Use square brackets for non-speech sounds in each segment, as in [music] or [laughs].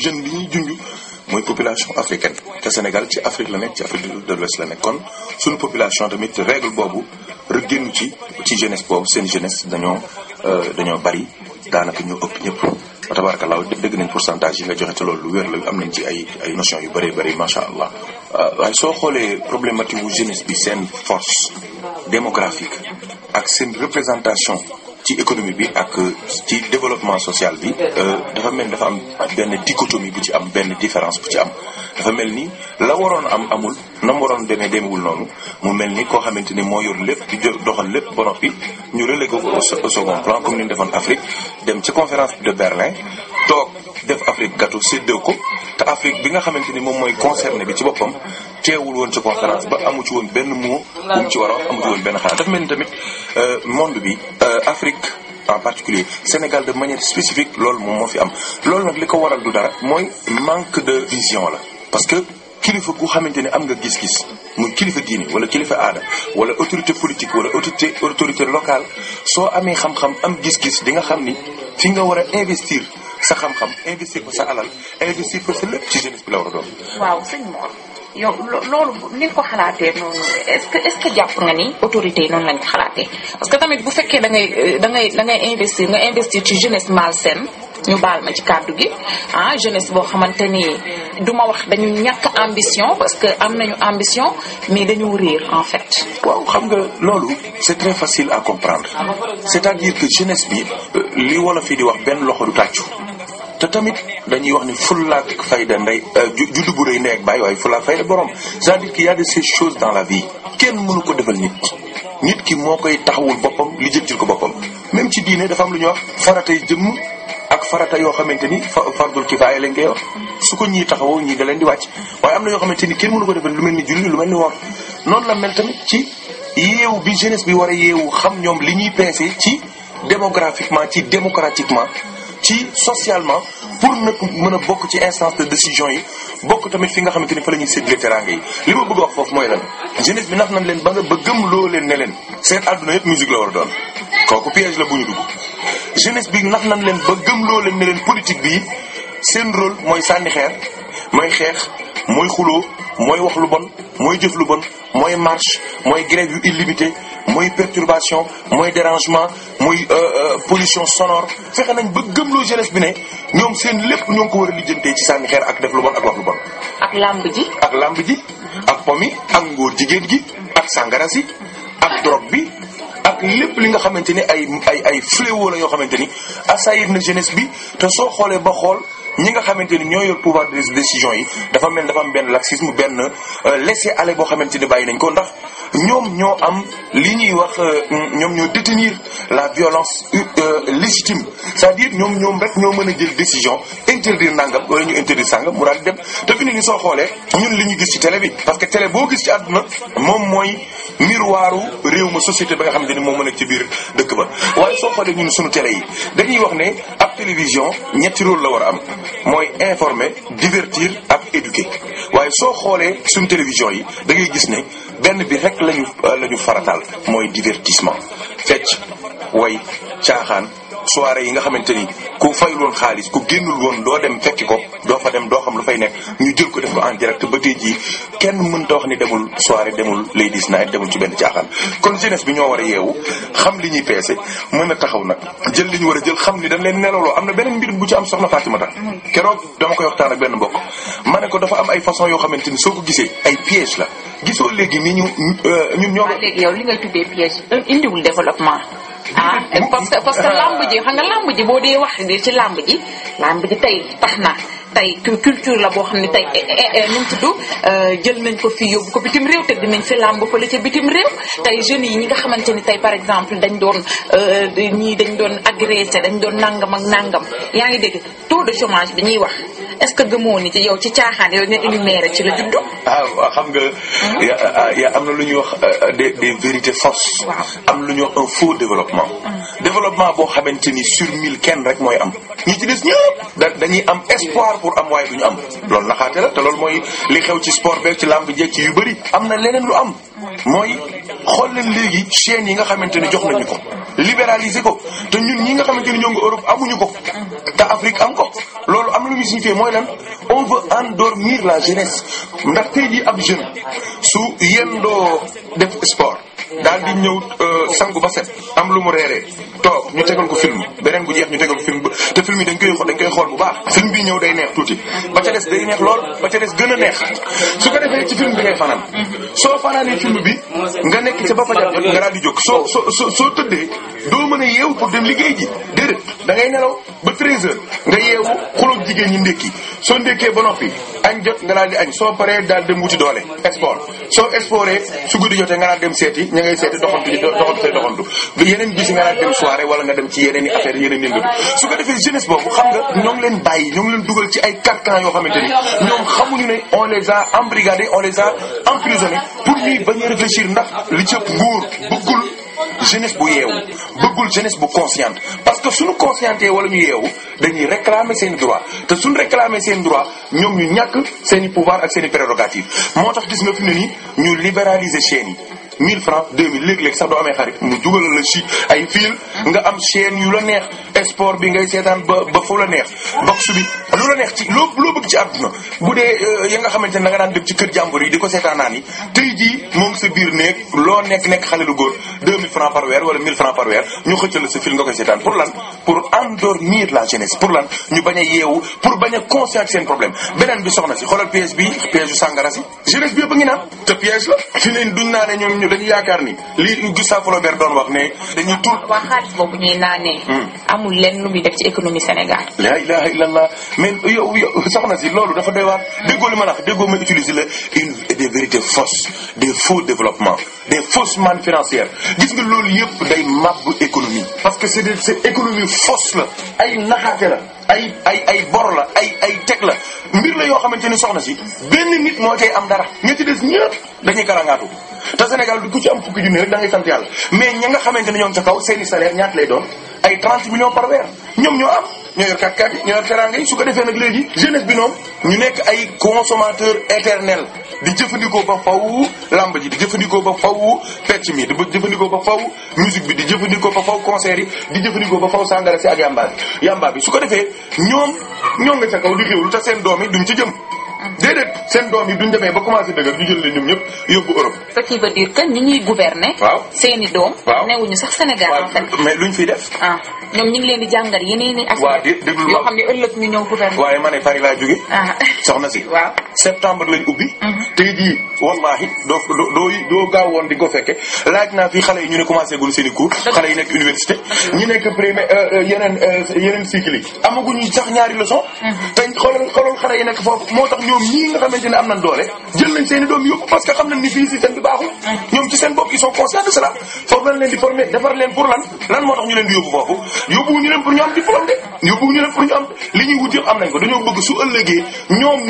jeune bi ñuy junj mooy population africaine te Sénégal ci Afrique la nekk ci Afrique de l'Ouest la nekk kon suñu population tamit règle boobu rek génn ci ci jeunesse boobu seen jeunesse dañoo euh, dañoo bari daanaka ñu ëpp ñëpp ba tabaarkalla dégg nañ pourcentage yi nga joxe te loolu lu wér la am nañ ci ay ay notion yu bëree bëri macha allah euh, waaye soo xoolee problématique wu jeunesse bi seen force démographique ak seen représentation ci économie bi ak ci développement sociale bi euh, dafa mel ni dafa am benn dichotomie bu ci am benn différence bu ci am dafa mel ni la waroon am amul na mu waroon demee demewul noonu mu mel ni koo xamante ni moo yor lépp di doxal lépp ba noppi ñu relégué ko au second plan kom ni defoon Afrique dem ci conférence de Berlin toog def Afrique gàttu séddoo ko te Afrique bi nga xamante ni moom mooy concerné bi ci boppam teewul woon ci conférence ba amu ci woon benn mot ci war a ci woon benn xalaat dafa mel ni tamit euh, monde bi euh, Afrique en particulier Sénégal de manière spécifique loolu moom moo fi am loolu nag li ko waral du dara mooy manque de vision la parce que kilifa gu xamante ne am nga gis-gis muy kilifa diine wala kilifa aada wala autorité politique wala autorité autorité soo amee xam am gis-gis di nga xam ni nga war a investir sa xam-xam investir ko sa alal investir ko sa lépp ci jeunesse bi la war a doon. waaw sëñ Mor yow loolu ni ko xalaatee noonu est-ce que jàpp nga ni autorités yi noonu lañ ko xalaatee parce que tamit bu fekkee dangay ngay euh, da ngay da ngay investir nga investir ci jeunesse malsaine ñu baal ma ci kàddu gi ah jeunesse boo xamante ni du ma wax dañu ñàkk ambition parce que am nañu ambition mais dañu réer en fait. waaw xam nga loolu c'est très facile à comprendre cest te tamit dañuy wax ni fullaak fayda ndey euh, juddu bu rëy ndey ak bàyyi waaye fullaak fayda borom c'est-à-dire qu'il y a de ces choses dans la vie kenn mënu ko defal nit nit ki moo koy taxawul boppam li ko boppam même ci diine dafa am lu ñuy wax faratay jëmm ak farata yoo xamante ni fardul kifaaya lañ koy wax su ko ñii taxawoo ñii da leen di wàcc waaye am na yoo xamante ni kenn mënu ko defal lu mel ni julli lu mel ni woor noonu la mel tamit ci yéewu bi jeunesse bi war a yéewu xam ñoom li ñuy peese ci démographiquement ci démocratiquement ci socialement pour nag mën a bokk ci instance de décision yi bokk tamit fi nga xamante ni fa la ñuy séddale teraanga yi li ma bëgg wax foofu mooy lan jeunesse bi nax nañ leen ba nga gëm loo leen ne leen seen àdduna yëpp musique la doon kooku piège bu ñu dugg jeunesse bi nax nañ leen ba gëm leen ne leen politique bi seen rôle mooy sànni xeer mooy xeex mooy xulo mooy wax lu bon mooy jëf lu bon mooy marche mooy grève yu mooy perturbation mooy dérangement mooy euh, euh, pollution sonore fexe nañ ba loo jeunesse bi ne ñoom seen lépp ñoo ngi ko war a lijjantee ci sànni xeer ak def lu bon ak wax lu bon. ak làmb ji. ak làmb ji ak pomi ak ngóor jigéen gi ak sàngara si ak drogue bi. ak lépp li nga xamante ni ay ay ay fléau la yoo xamante ni assaillir na jeunesse bi te soo xoolee ba xool ñi nga xamante ni ñoo yor pouvoir de décision yi dafa mel dafa am benn laxisme benn euh, laisser aller boo xamante ni bàyyi nañ ko ndax ñoom ñoo am li ñuy wax euh, ñoom ñoo détenir la violence euh, légitime c'est-à-dire ñoom ñoom rek ñoo mën a jël décision interdire nangam wala ñu interdire sangam mu daal di dem te fi ni soo xoolee ñun li ñu gis ci tele bi parce que télé boo gis ci àdduna moom mooy miroiru réew ma société ba nga xamante ni moo mën a ci biir dëkk ba waaye soo xoolee ñun suñu télé yi dañuy wax ne ab télévision ñetti rôle la war a am mooy informer divertir ak éduquer waaye soo xoolee suñu télévision yi da ngay gis ne benn bi rek lañu la ñu farataal mooy divertissement fecc way caaxaan soirée yi nga xamante ni ku fayul woon xaalis ku génnul woon doo dem fekki ko doo fa dem doo xam lu fay nekk ñu jël ko def ko en direct ba tey jii kenn mënta wax ni demul soirée demul ladies naa demul ci benn caaxaan. kon jeunesse bi ñoo war a yeewu xam li ñuy peese mën a taxaw nag jël li ñu war a jël xam ni dañ leen nelawloo am na beneen mbir bu ci am soxna Fatimata keroog dama koy waxtaan ak benn mbokk ma ne ko dafa am ay façon yoo xamante ni soo ko gisee ay piège la gisoo léegi ni ñu euh, ñun ñoo. Ah, léegi yow li ngay tuddee piège euh, indiwul développement. ah parce que parce que làmb ji xam nga ji boo dee wax ci làmb ji làmb ji tey tax na tey culture la boo xam ne tey e, e, e, nu mu tudd euh, jël nañ ko fii yóbbu ko bitim réew te dinañ fi làmb fële ca bitim réew tey jeunes ñi nga xamante ni tey par exemple dañ doon euh, ñii dañ doon agressé dañ doon nangam ak nangam yaa ngi dégg taux de chômage bi ñuy wax est-ce que gëmoo ni ci yow ci caaxaan yow nga énuméré ci la juddu. ah xam nga. Hmm? ya am na lu ñuy wax euh, des des vérités fausses. am lu ñuy wax un faux développement. développement boo xamante ni sur mille kenn rek mooy am ñi ci des ñëpp dañuy am espoir pour am waaye du ñu am. loolu naxaate la te loolu mooy li xew ci sport beeg ci làmb jeeg ci yu bëri am na leneen lu am. mooy leen léegi chaîne yi nga xamante ne jox nañu ko libéraliser ko te ñun ñi nga xamante ne ñoo ngi Europe amuñu ko te Afrique am ko loolu am lu muy signifié mooy lan on veut endormir la jeunesse ndax tey jii ab jeune su yendoo def sport daal di ñëw euh, sangu ba set am lu mu reeree toog ñu tegal ko film beneen bu jeex ñu tegal ko film te film yi dañ koy xool bu baax film bi ñëw day neex tuuti ba ca des day neex lool ba ca des gën a neex su ko defee ci film film bi nga nekk ca ba fajar jot nga daal di jóg soo soo soo tëddee doo mën a yeewu pour dem liggéey ji déedéet da nelaw ba 13 heures nga yeewu xuloog jigéen ñi ndékki soo ndékkee ba noppi añ jot nga daal di añ soo paree daal dem wuti doole sport soo sporté su guddi jotee nga daal dem seeti ña seeti doxantu doxantu yeneen bis nga daal dem soirée wala nga dem ci yeneen i affaire yeneen yëngatu su ko defee jeunesse boobu xam nga ñoo leen bàyyi ñoo a embrigadés on les a emprisonnés pour ñu réfléchir ndax lu cëpp nguur bëggul jeunesse bu yeewu bëggul jeunesse bu consciente parce que suñu consciente wala ñu yeewu dañuy réclamer seen droit te suñu réclamer seen droit ñoom ñu ñàkk seeni i pouvoir ak seen i moo tax gis nga fi ne ni ñu libéraliser chaîne yi 1000 francs 2000 léeg-léeg sax doo amee xarit mu jugalal la si ay fil nga am chaîne yu la neex sport bi ngay seetaan ba fu la neex box bi lu la neex ci loo loo ci àdduna bu dee euh, ya nga xamante ne da nga daan dem ci kër jàmbur yi di ko seetaanaan yi tey jii moom sa biir néeg loo nekk nekk xale lu góor 2000 francs francs par weer ñu xëccal la sa fil nga koy seetaan pour lan pour endormir la jeunesse pour lan ñu bañ yeewu pour bañ a bi soxna si xoolal si jeunesse ñun dañu yaakaar ni li Gustave Flaubert doon wax ne dañu tur hmm. amul lenn lu muy def ci économie Sénégal la ilaha illallah mais si loolu dafa doy waar hmm. déggoo li ma la wax déggoo ma utiliser la une des vérités fausses des faux développements des fausses mannes financières gis nga loolu yëpp day màbb économie parce que c'est des c'est économie fausse la ay naxaate la ay ay bor la ay ay teg la mbir la yoo xamante ni soxna si benn nit moo cay am dara ña ci des ñëpp dañuy karangaatu te Sénégal du ku ci am fukki junni rek da ngay sant yàlla mais ña nga xamante ne ñoo ngi ca kaw seen i salaire ñaata lay doon ay 30 millions par weer ñoom ñoo am ñoo yor kàkkaat ñoo yor su ko defee nag léegi jeunesse bi noonu ñu nekk ay consommateur éternel di jëfandikoo ba faw lamb ji di jëfandikoo ba faw pecc mi di jëfandikoo ba faw musique bi di jëfandikoo ba faw concert yi di jëfandikoo ba faw sàngara si ak yamba bi yamba bi su ko defee ñoom ñoo nga ca kaw di xéwlu seen doom yi duñ ci jëm déedéet seen doom yi duñ demee ba commencé Europe. ce qui veut dire que ñuy gouverner. waaw seen i doom. waaw newuñu sax Sénégal. en fait mais luñ fiy def. ah ñoom ñu ngi leen di jàngal yeneen i. waaw di ñu ñëw gouverner. waaye ma ah. soxna si. waaw septembre lañ ubbi. Mhm. tey jii wallaahi doo doo doo gaaw woon di ko fekke laaj naa fi xale yi ñu ne commencé gul seen i cours. xale yi nekk université. ñi nekk primaire euh, euh, yeneen euh, yeneen amaguñu sax ñaari leçon. Mhm. te xoolal xoolal xale yi nekk foofu moo tax ñu ñoom ñii nga xamante ne am nañ doole jël nañ seen i doom yóbbu parce que xam nañ ni fii système bi baaxul ñoom ci seen bopp ils sont de cela foofu leen di former defar leen pour lan lan moo tax ñu leen di yóbbu foofu yóbbuwu ñu leen pour ñu am diplôme de yóbbuwu ñu leen pour ñu am li ñuy wut yëpp am nañ ko dañoo bëgg su ëllëgee ñoom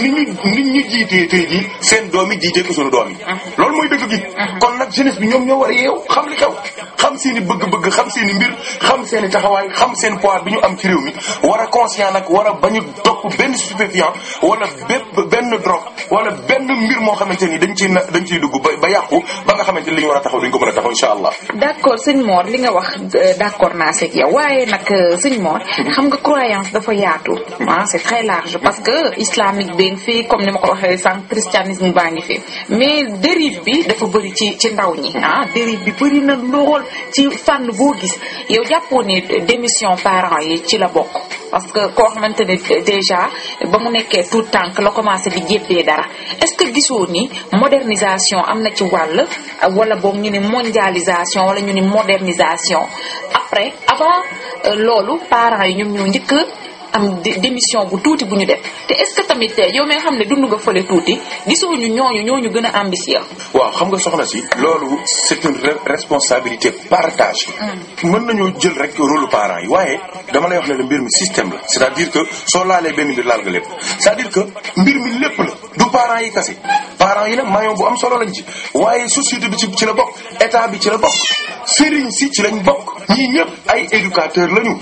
ñoo war a yeew xam li xew xam seen i bëgg-bëgg xam seen mbir xam seen taxawaay xam seen poids bi ñu am a a benn drogue wala benn mbir moo xamante ni dañ ciy dañ ciy dugg ba ba yàqu ba nga xamante ni li ñu war a taxaw duñ ko mën a taxaw incha allah. d'accord sëñ Mor li nga wax euh, d'accord naa seeg yow waaye nag euh, sëñ Mor. Hmm. xam nga croyance dafa yaatu. ah c'est très large hmm. parce que islamique bee fii comme ni ma ko waxee sànq christianisme baa ngi fi mais dérive bi dafa bëri ci ci ndaw ñi ah dérive bi bëri na lool ci fànn boo gis yow jàppoo ne démission parents yi ci la bokk. parce que koo xamante ne déjà ba mu nekkee tout tànk la commencé bi jébbee dara est-ce que gisoo ni modernisation am na ci wàll wala boog ñu ni mondialisation wala ñu ni modernisation après avant euh, loolu parents yi ñoom ñoo njëkk am démission bu tuuti bu ñu def te est ce que tamit yow may xam ne dund nga fële tuuti gisoo ñu ñooñu ñooñu gën a ambitieux. waaw xam nga soxna si loolu c'est responsabilité partage hmm. mën nañoo jël rek rôle parents yi waaye dama la lay wax ne mbir mi système la c'est-à-dire que soo laalee benn mbir laal nga lépp c'est-à-dire que mbir mi lépp la du parents yi kase parents yi nag maillon bu am solo lañ ci waaye société bi ci ci la bokk état bi ci la bokk sëriñ si ci lañ bokk ñii ñëpp ay éducateurs lañu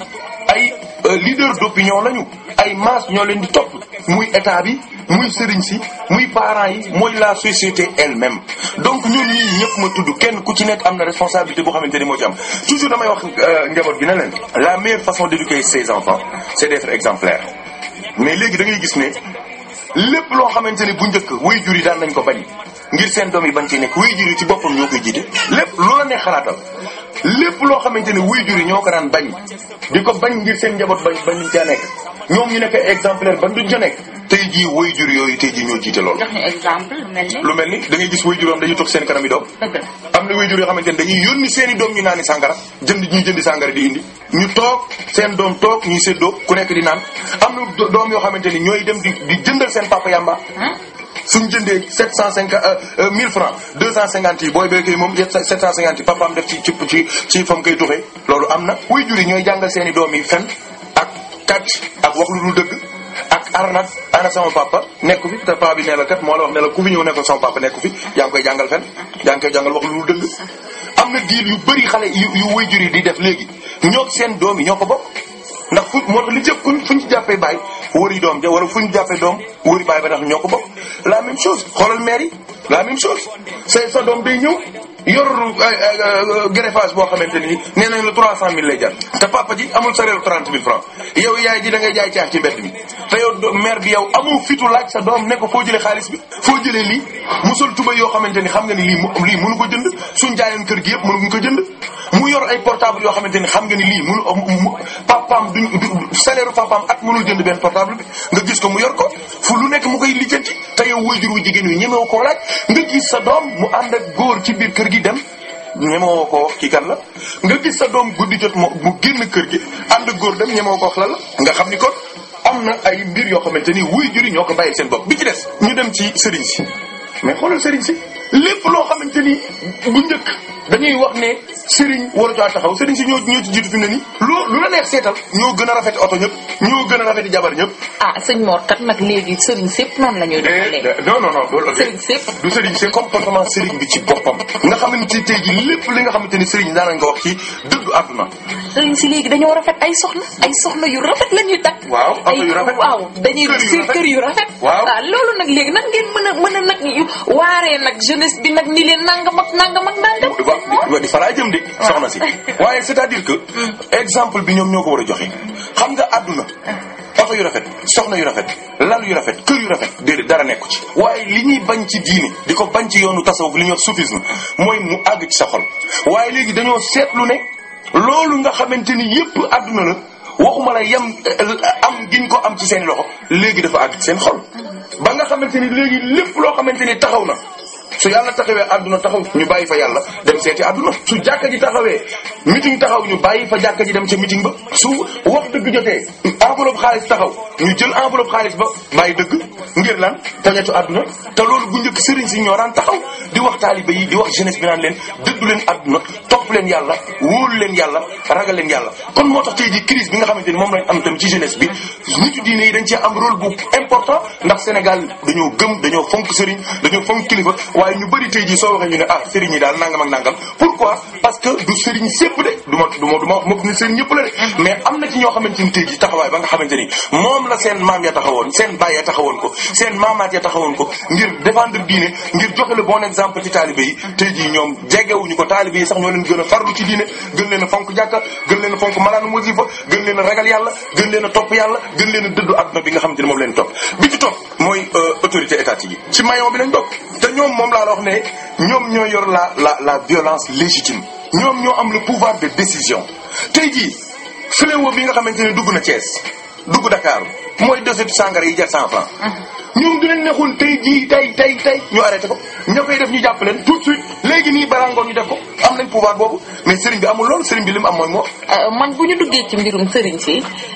ay Euh, leader d'opinion lañu ay mas ñoo leen di topp muy état bi muy sëriñ si muy parents yi mooy la société elle-même donc ñun ñii ñëpp ma tudd kenn ku ci nekk am na responsabilité boo xamante ni moo ci am toujours damay wax euh, njaboot bi ne leen la meilleure façon d'éduquer ses enfants c'est d'être exemplaire mais léegi da ngay gis ne lépp loo xamante ni bu njëkk way jur yi daan nañ ko bañ ngir seen doom yi bañ ci nekk way jur yi ci boppam ñoo koy jiite lépp loola ne lépp loo xamante ne wuy juri ñoo ko daan bañ di ko bañ ngir seen njaboot bañ bañ ñu caa nekk ñoom ñu nekk exemplaire ban duñ ca nekk tey jii way jur yooyu tey jii ñoo jiite loolu. jox ñu exemple lu mel ni. dangay mel ni da ngay gis way jur yoo xam dañuy toog seen kanam i doom. am na way jur yoo xamante ne dañuy yónni seen i doom ñu naan sàngara jënd ñu jëndi sàngara di indi. ñu toog seen doom toog ñuy séddoo ku nekk di naan am na doom yoo xamante ni ñooy dem di di jëndal seen papa yamba. suñ jëndee 750 1000 euh, euh, francs 250 yi booy béykay moom 750 yi papaam def ci ci ci ci fam koy tuxee loolu am na wuy juri ñooy jàngal seeni i doom yi fen ak kàcc ak wax lu dul dëgg ak arnaf ana sama papa nekku fi te papa bi ne la kat moo la wax ne la ku fi ñëw nekkal sama papa nekku fi yaa ngi koy jàngal fen yaa ngi koy jàngal wax lu dul dëgg am na diir yu bëri xale yu yu wuy juri di def léegi ñoo seen doom yi ñoo ko bokk ndax fu moo tax li jëpp kuñ fu ñu jàppee baay wëri doom ja wala fu ñu jàppee doom wëri baay ba ndax ñoo ko bokk la même chose xoolal maire yi la même chose say sa doom day ñëw yor euh, euh, euh, greffage boo xamante ni nee nañ la trois cent mille lay jar te papa ji amul sareelu yaay ji da ngay jaay caax ci mbedd bi te yow mère bi yow amul fitu laaj sa doom ne ko foo jëlee xaalis bi foo jëlee lii musul tuba yoo xamante ni xam nga ni lii lii mënu ko jënd suñ jaayoon kër gi yëpp mënuñ ko jënd mu yor ay portable yoo xamante ni xam nga ni lii mënu papaam duñ salaire papaam ak mënul jënd benn portable bi nga gis ko mu yor ko fu lu nekk mu koy lijjanti te yow wajur wu jigéen wi ñemewu ko laaj nga gis sa doom mu ànd ak góor ci biir kër gi guddi dem ñemoo ko wax kii kan la nga gis sa doom guddi jot mo mu génn kër gi ànd góor dem ñemoo ko wax la nga xam ni kon am na ay mbir yoo xamante ni wuy juri ñoo ko bàyyi seen bopp bi ci des ñu dem ci sëriñ si mais xoolal sëriñ si lépp loo xamante ni bu njëkk dañuy wax ne sëriñ waru caa taxaw sëriñ si ñoo ñoo ci jiitu fi mu ne nii. loo lu la neex seetal ñoo gën a rafet oto ñëpp ñoo gën a rafet jabar ñëpp. ah sëñ Mor kat nag léegi sëriñ sépp noonu la ñuy eh, doxalee. Eh, non non non loolu la. sëriñ sépp du sëriñ sépp comportement sëriñ bi ci boppam. nga xamante tey jii lépp li nga xamante ni sëriñ daanañ ko wax ci dëgg àdduna. sëriñ si léegi dañoo rafet ay soxna ay soxna yu rafet la ñuy takk. waaw oto yu rafet waaw dañuy seen kër yu rafet. waaw ah, loolu nag léegi nag ngeen mën a mën a nag waaree nag jeunesse bi nag ni leen nangam ak waaw di falaa jëm de soxna si [laughs] waaye c'est-à-dire que exemple bi ñoom ñoo ko war a joxe xam nga àdduna oto yu rafet soxna yu rafet lal yu rafet kër yu rafet déedéet dara nekku ci waaye li ñuy bañ ci diini di ko bañ ci yoonu tasawuf li ñuy wax soufisme mooy mu àgg ci sa xol waaye léegi dañoo seetlu ne loolu nga xamante ni yépp àdduna la waxuma la yam eh, am giñ ko am ci seen loxo léegi dafa àgg seen xol mm-hmm. ba nga xamante ni léegi lépp loo xamante ni taxaw na su yàlla taxawee àdduna taxaw ñu bàyyi fa yàlla dem seeti adduna su jàkka ji taxawee meeting taxaw ñu bàyyi fa jàkka ji dem ca meeting ba su wax dëgg jotee enveloppe xaalis taxaw ñu jël enveloppe xaalis ba bàyyi dëgg ngir lan tañetu àdduna te loolu bu njëkk sëriñ si ñoo daan taxaw di wax taaliba yi di wax jeunesse bi naan leen dëddu leen adduna topp leen yàlla wóolu leen yàlla ragal leen yàlla kon moo tax tey ji crise bi nga xamante ni moom lañ am tam ci jeunesse bi nitu diine dañ cee am rôle bu important ndax Sénégal dañoo gëm dañoo fonk sëriñ dañoo fonk kilifa waaye ñu bëri tey jii soo waxee ñu ne ah sëriñ yi daal nangam ak nangam parce que du sëriñ sépp de du ma du ma du ni sëriñ ñëpp la de mais am na ci ñoo xamante ni taxawaay ba nga xamante ni moom la seen maam ya taxawoon seen baay ya taxawoon ko ko ngir défendre diine ngir joxe le bon exemple ci taalibe yi tey jii ñoom jegewuñu ko taalibe yi leen a farlu ci a topp yàlla topp mooy euh, autorité étatique yi ci maillon bi lañ topp te ñoom moom laa la wax ne ñoom ñoo yor la la la violence légitime ñoom ñoo am le pouvoir de décision tey jii fléau bi nga xamante ne dugg na Thiès dugg Dakar mooy dosetu sangara yi jar cent francs ah. ñu du leen neexoon tey jii tey tey ñu arrêté ko ña koy def ñu jàpp leen tout suite léegi nii balaa ngoon ñu def ko am nañ pouvoir boobu mais sëriñ bi amul loolu sëriñ bi li mu am mooy moo euh, man bu ñu duggee ci mbirum sëriñ si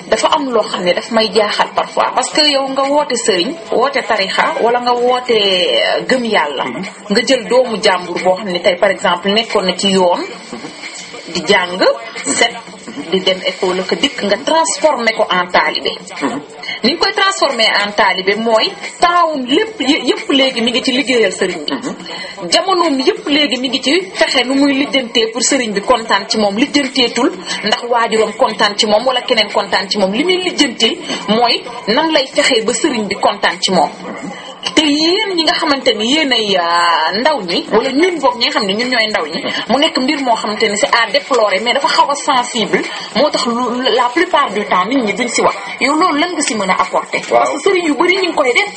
dafa am loo xam ne daf may jaaxal parfois parce que yow nga woote sëriñ woote tarixa wala nga woote euh, gëm yàlla mhm. nga jël doomu jàmbur boo xam ne tey par exemple nekkoon na ci yoon mhm. di jàng set mhm. di dem école ko dikk nga transformé ko en taalibe ni ñu koy transformé en taalibe mooy taawum lépp yëpp léegi mu ngi ci liggéeyal sëriñ bi mm-hmm. jamonoom yëpp léegi mi ngi ci fexe nu muy lijjantee pour sëriñ bi kontaan ci moom lijjanteetul ndax waajuram kontaan ci moom wala keneen kontaan ci moom li muy lijjantee mooy nan lay fexe ba sëriñ bi kontaan ci moom mm-hmm. te yéen ñi nga xamante ni yéen ay euh, ndaw ñi wala ñun boog ñi nga xam ne ñun ñooy ndaw ñi mu nekk mbir moo xamante ni c'est à déplorer mais dafa xaw a sensible moo tax la plupart du temps nit ñi duñ si wax yow loolu lan nga si mën a apporter parce que sëriñ yu bëri ñu ngi koy def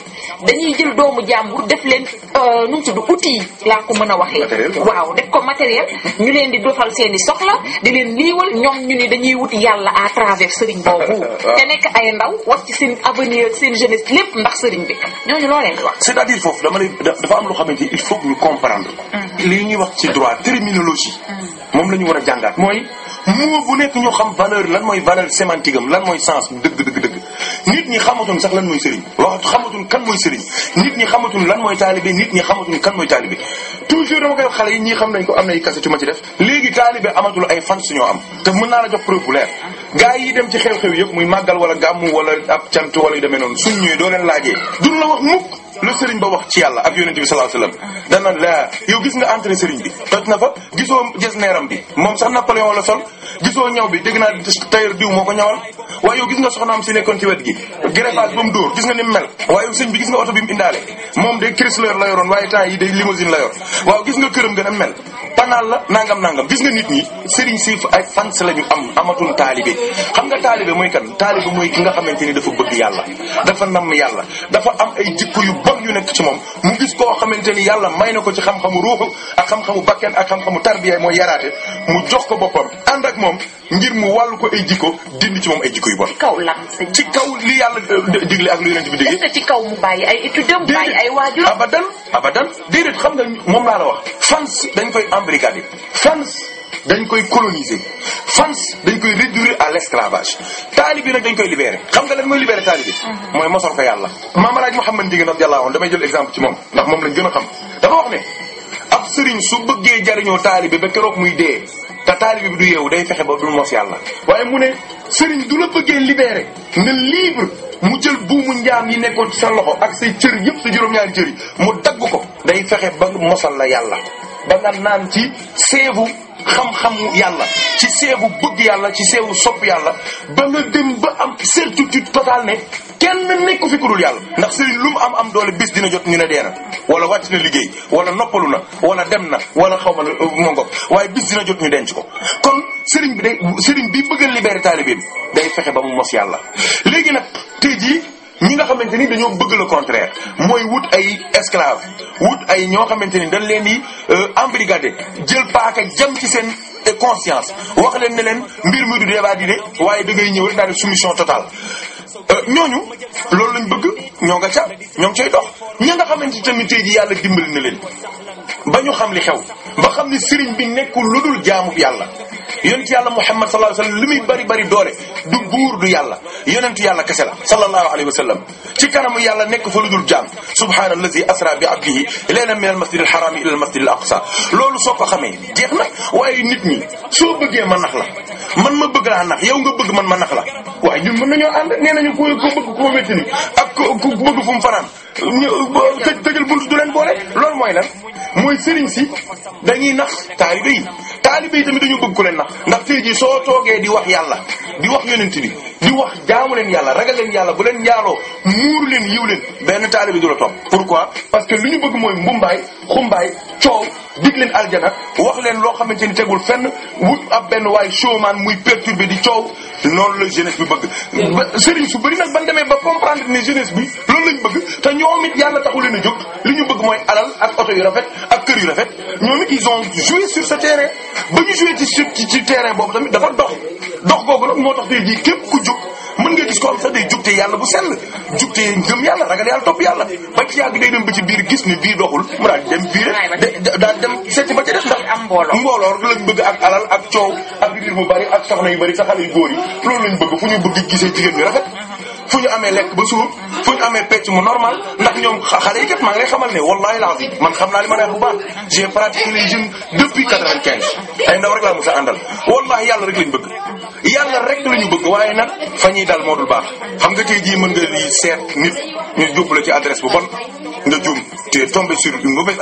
dañuy jël doomu jàmbur def leen euh, nu mu tudd outil laa ko mën a waxee. waaw def ko matériel ñu leen di dofal seen i soxla di leen liiwal ñoom ñu ne dañuy wuti yàlla à travers sëriñ [laughs] boobu. te nekk ay ndaw wax ci seen avenir seen jeunesse lépp ndax sëriñ bi ñooñu loo c'est-à-dire foofu dama lay dafa am loo xamante ni il faut que ñu comprendre ko. Mm. li ñuy wax ci droit terminologie. Mm. moom la ñu war a jàngaat mooy mot bu nekk ñu xam valeur lan mooy valeur sémantique am lan mooy sens dëgg dëgg dëgg. nit ñi xamatuñ sax lan mooy sëriñ wax xamatuñ kan mooy sëriñ nit ñi xamatuñ lan mooy taalibe nit ñi xamatuñ kan mooy taalibe toujours dama koy wax xale yi ñii xam nañ ko am na ay kaset yu ma ci def léegi taalibe amatul ay fan suñoo am te mën naa la jox preuve bu leer yi dem ci xew-xew yëpp muy màggal wala gàmmu wala ab cant wala yu demee noonu suñ ñëwee doo leen laajee duñ la wax mukk lu sëriñ ba wax ci yàlla ak yonent bi sallallahu alayhi wasallam dañ naan laa yow gis nga entrée sëriñ bi toj na fa gisoo jës neeram bi moom sax Napoléon la sol gisoo ñaw bi dégg naa tailleur diw moo ko ñawal waaye yow gis nga soxnaam si nekkoon ci wet gi greffage ba mu dóor gis nga ni mu mel waaye sëñ bi gis nga oto bi mu indaale moom day Chrysler la yoroon waaye temps yi day limousine la waaw gis nga këram gën a mel panaal la nangam nangam gis nga nit ñi sëriñ si xam yu nekk ci moom mu gis koo xamante ni yàlla may na ko ci xam-xamu ruuxu ak xam-xamu bakken ak xam-xamu tarbiya mooy yaraate mu jox ko boppam ànd ak moom ngir mu wàll ko ay jikko dindi ci moom ay jikko yu bon. ci kaw lan ci kaw li yàlla euh, digle ak lu yonent bi digle. est ci kaw mu bàyyi ay étudiants bàyyi ay waajur. abadan abadan déedéet xam nga moom laa la wax. fans dañ koy embrigadé fans. dañ koy coloniser France dañ koy réduire à l'esclavage taalibe nag dañ koy libérer xam nga lañ mooy libérer taalibe mhm. mooy mosal ko yàlla Maam Alaaji Mouhamed Ndieguène radiyallahu anhu damay jël exemple ci moom ndax moom lañ gën a xam dafa wax ne ab sëriñ su bëggee jariñoo taalibe ba keroog muy dee te taalibe bi du yeewu day fexe ba du mos yàlla waaye mu ne sëriñ du la bëggee libérer nga libre mu jël buumu njaam yi nekkoon ci sa loxo ak say cër yëpp sa juróom-ñaari cër mu dagg ko day fexe ba mosal la yàlla xam-xamu yàlla ci seewu bëgg yàlla ci seewu sopp yàlla ba nga dem ba am certitude totale ne kenn nekku fi ku dul yàlla ndax sëriñ lu mu am am doole bis dina jot ñu ne dee na wàcc na liggéey wala noppalu na wala dem na wala xaw ma uh, mongo waaye bis dina jot ñu denc ko kon sëriñ bi de sëriñ bi bëgg a libéré bi day fexe ba mu mos yàlla léegi nag tey jii ñi nga xamante ni dañoo bëgg la contraire mooy wut ay esclave wut ay ñoo xamante ni dañ leen di euh, embrigadé jël paaka jam ci seen conscience wax leen ne leen mbir mi du débat di de waaye da ngay ñëw rek daal di soumission totale euh, ñooñu loolu lañ bëgg ñoo nga ca ñoo ngi cay dox ñi nga xamante ni tamit tey ji yàlla dimbali na leen ba ñu xam li xew ba xam ni sëriñ bi nekkul lu dul jaamu yàlla yonentu yàlla Muhammad sallallahu alayhi wa sallam li muy bari bari doole du buur du yàlla yonentu yàlla kese la sallallahu alayhi wa sallam ci kanamu yàlla nekk fa lu dul jaam subhaana allazi asra bi abdihi laylan min al masjid al haram ila al masjid al aqsa loolu soo ko xamee jeex na waaye nit ñi soo bëggee ma nax la man ma bëgg laa nax yow nga bëgg man ma nax la waaye ñun mën nañoo ànd nee nañu ku ko bëgg ku ko wéttini ak ku bëgg fu mu fanaan ñu tëjal bunt du leen boole loolu mooy lan mooy sëriñ si dañuy nax taalibe yi taalibe tamit dañu bëgg ku leen nax ndax tey jii soo toogee di wax yàlla di wax yonent bi di wax jaamu leen yàlla ragal leen yàlla bu leen njaaloo muur leen yiw leen benn taalibe du la topp pourquoi parce que li ñu bëgg mooy mbumbaay xumbaay coow dig leen aljana wax leen loo xamante ni tegul fenn wut ab benn waay showman muy perturbé di coow noonu la jeunesse bi bëgg sëriñ su bëri nag ban demee ba comprendre ne ñoom it yàlla taxu leen a jóg li ñu bëgg mooy alal ak oto yu rafet ak kër yu rafet ñoom it ils ont joué sur ce ba ñu joué ci ci terrain boobu tamit dafa dox dox googu nag moo tax tey jii képp ku jóg mën nga gis ko am sax day jugte yàlla bu sell jugte ngëm yàlla ragal yàlla topp yàlla ba ci yàgg day dem ba ci biir gis ni bii doxul mu daal dem biir daal dem seeti ba ca def ndax mbooloo rek lañ bëgg ak alal ak coow ak biir mu bari ak soxna yu bari sa xale yu góor yi loolu lañ bëgg fu ñu bëgg gisee jigéen ñu rafet fu ñu amee lekk ba suur fu ñu amee pecc mu normal ndax ñoom xale yi kat maa ngi lay xamal ne wallahi lazim man xam naa li ma neex bu baax j'ai pratiqué les jeunes depuis quatre-vingt-quinze ay ndaw rek laa a àndal wallahi yàlla rek lañ bëgg yàlla rek lañu bëgg waaye nag fa ñuy dal moo dul baax xam nga tey jii mën nga lii seet nit ñu jublu ci adresse bu bon nga jum tu es tombé sur une mauvaise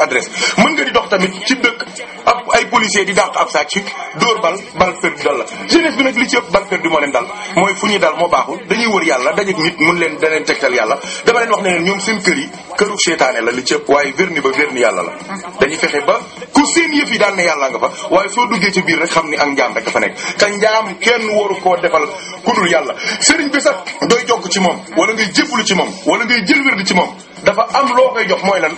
mën nga di dox tamit ci dëkk ab ay policiers di dàq ab sàcc dóor bal bal perdu dal la jeunesse bi nag li ci ëpp bal perdu moo leen dal mooy fu ñu dal moo baaxul dañuy wër yàlla dajeek nit mun leen da leen tegtal yàlla dama leen wax ne leen ñoom seen kër yi këru seetaane la li ci ëpp waaye verni ba verni yàlla la dañuy fexe ba ku seen yëf yi daan ne yàlla nga fa waaye soo duggee ci biir rek xam ni ak njaam rek fa nekk te njaam kenn waru koo defal ku dul yàlla sëriñ bi sax doy jokk ci moom wala ngay jébbalu ci moom wala ngay jël wérdi ci moom dafa am loo koy jox mooy lan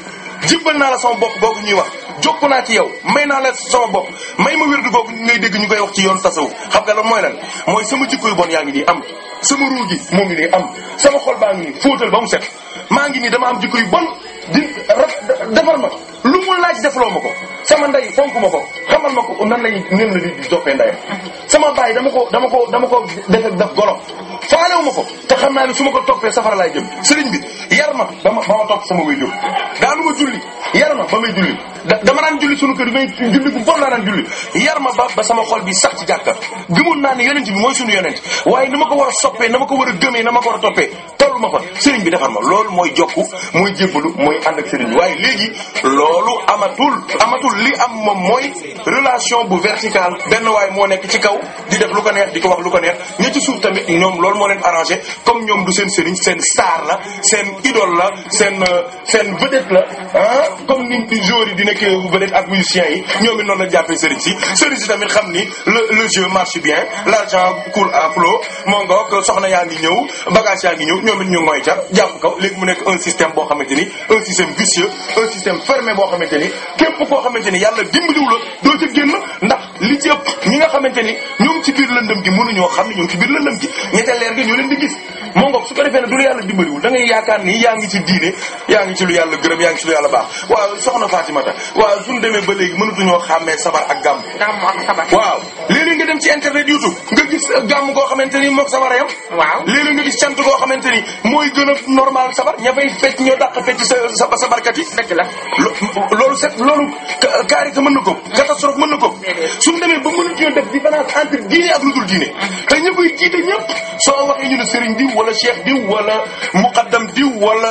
jibbal naa la sama bopp boobu ñuy wax jokku naa ci yow may naa la sama bopp may ma wérdu googu ngay dégg ñu koy wax ci yoon tasawuf xam nga lan mooy lan mooy sama jikko bon yaa ngi nii am sama ruu gi moo ngi nii am sama xol baa ngi nii fóotal ba mu set maa ngi nii dama am jikko yu bon di defar ma lu mu laaj defloo ma ko sama ndey fonk ma ko xamal ma ko nan lay nen na di di toppee ndeyam sama baay dama ko dama ko dama ko def ak daf golo faalewu ma ko te xam naa ne su ma ko toppee safara laa jëm sëriñ bi yar ma ba ma ba ma topp sama way jëm daanu ma julli yar ma ba may julli dama daan julli sunu kër may julli bu bon laa daan julli yar ma ba ba sama xol bi sax ci jàkka gëmoon naa ne yonent bi mooy sunu yonent waaye na ma ko war a soppee na ma ko war a gëmee na ma ko war a toppee tollu ma fa sëriñ bi defar ma loolu mooy jokku mooy jébbalu mooy ànd ak sëriñ bi waaye léegi loolu amatul amatul li am moom mooy relation bu verticale benn waay moo nekk ci kaw di def lu ko neex di ko wax lu ko neex ñi ci ñoom loolu moo leen arrangé comme ñoom du seen sëriñ seen star la seen idole la seen euh, seen vedette la ah comme ni joueurs yi di nekk vedette ak musiciens yi ñoom it noonu la jàppee sëriñ si sëriñ si tamit xam ni le le jeu marche bien l'argent coule à flot moo yaa ngi ñëw bagage yaa ngi ñëw ñoom it ñu ngoy ca jàpp kaw léegi mu nekk un système boo xam xamante ni un système vicieux un système fermé boo xamante ni képp koo xamante ni yàlla dimbaliwu la doo ca génn ndax li ci ëpp ñi nga xamante ni ñoo ngi ci biir lëndëm gi mënuñoo xam ne ñoo ngi ci biir lëndëm gi ñette leer gi ñoo leen di gis moo ngoog su ko defee ne du la yàlla dimbaliwul da ngay yaakaar ni yaa ngi ci diine yaa ngi ci lu yàlla gërëm yaa ngi ci lu yàlla baax waaw soxna Fatimata waaw suñ demee ba léegi mënatuñoo xàmmee sabar ak gàmm waaw léeg nga dem ci internet youtube nga gis gàmm goo xamante ni mooy gën a normal sabar ña fay fecc ñoo dàq fecc yi dëgg la loolu set loolu kaarika mën na ko mm. catastrophe mën na ko suñu demee ba mënuñu def différence entre diine ak lu dul diine te ña koy jiite ñëpp soo waxee ñu ne sëriñ diw wala cheikh diw wala muqaddam diw wala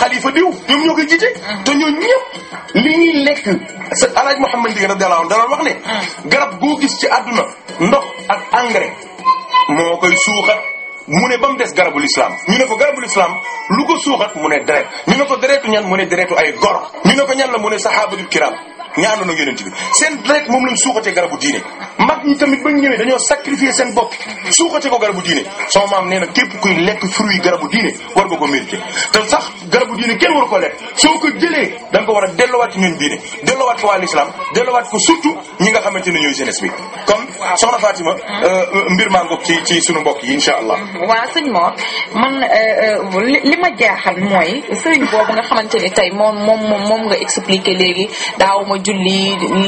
xalifa euh, diw ñoom ñoo koy jiite te ñooñu ñëpp li ñuy lekk sa alaaj Muhammad Ndieguène radiyallahu anhu dana wax ne garab goo gis ci àdduna ndox ak engrais moo koy suuxat mu ne ba mu des garabul islam ñu ne ko garabul islam lu ko suuxat mu ne deret ñu ne ko deretu ñan mu ne deretu ay gor ñu ne ko ñan la mu ne sahabatul kiram ñi àndoon ak yonent bi seen deret moom lañ suuxatee garabu diine mag ñi tamit bañ ñëwee dañoo sacrifier seen bopp suuxate ko garabu diine soo maam nee na képp kuy lekk fruit garabu diine war nga ko mérité te sax alalu diine kenn waru ko lekk soo ko jëlee da ko war a dellowaat ci ñun diine dellowaat ko waa l'islam dellowaat ko surtout ñi nga xamante ne ñooy jeunesse bi kon soxna Fatima mm-hmm. euh, mbir maa ci ci sunu mbokk yi incha allah mm-hmm. waaw sëñ moo man euh, euh, li ma jaaxal mooy sëriñ boobu nga xamante ni tey moom moom moom nga expliqué léegi daaw ma julli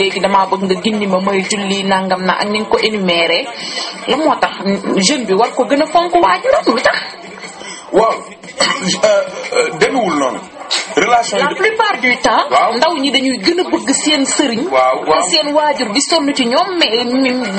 léegi damaa bëgg nga gindi ma may julli nangam na ak ni nga ko énuméré la moo tax jeune bi war ko gën a fonk waaju lu tax waaw [coughs] demewul noonu. relation la plupart du temps. ndaw ñi dañuy gën a bëgg seen sëriñ. waaw seen waajur bi sonn ci ñoom mais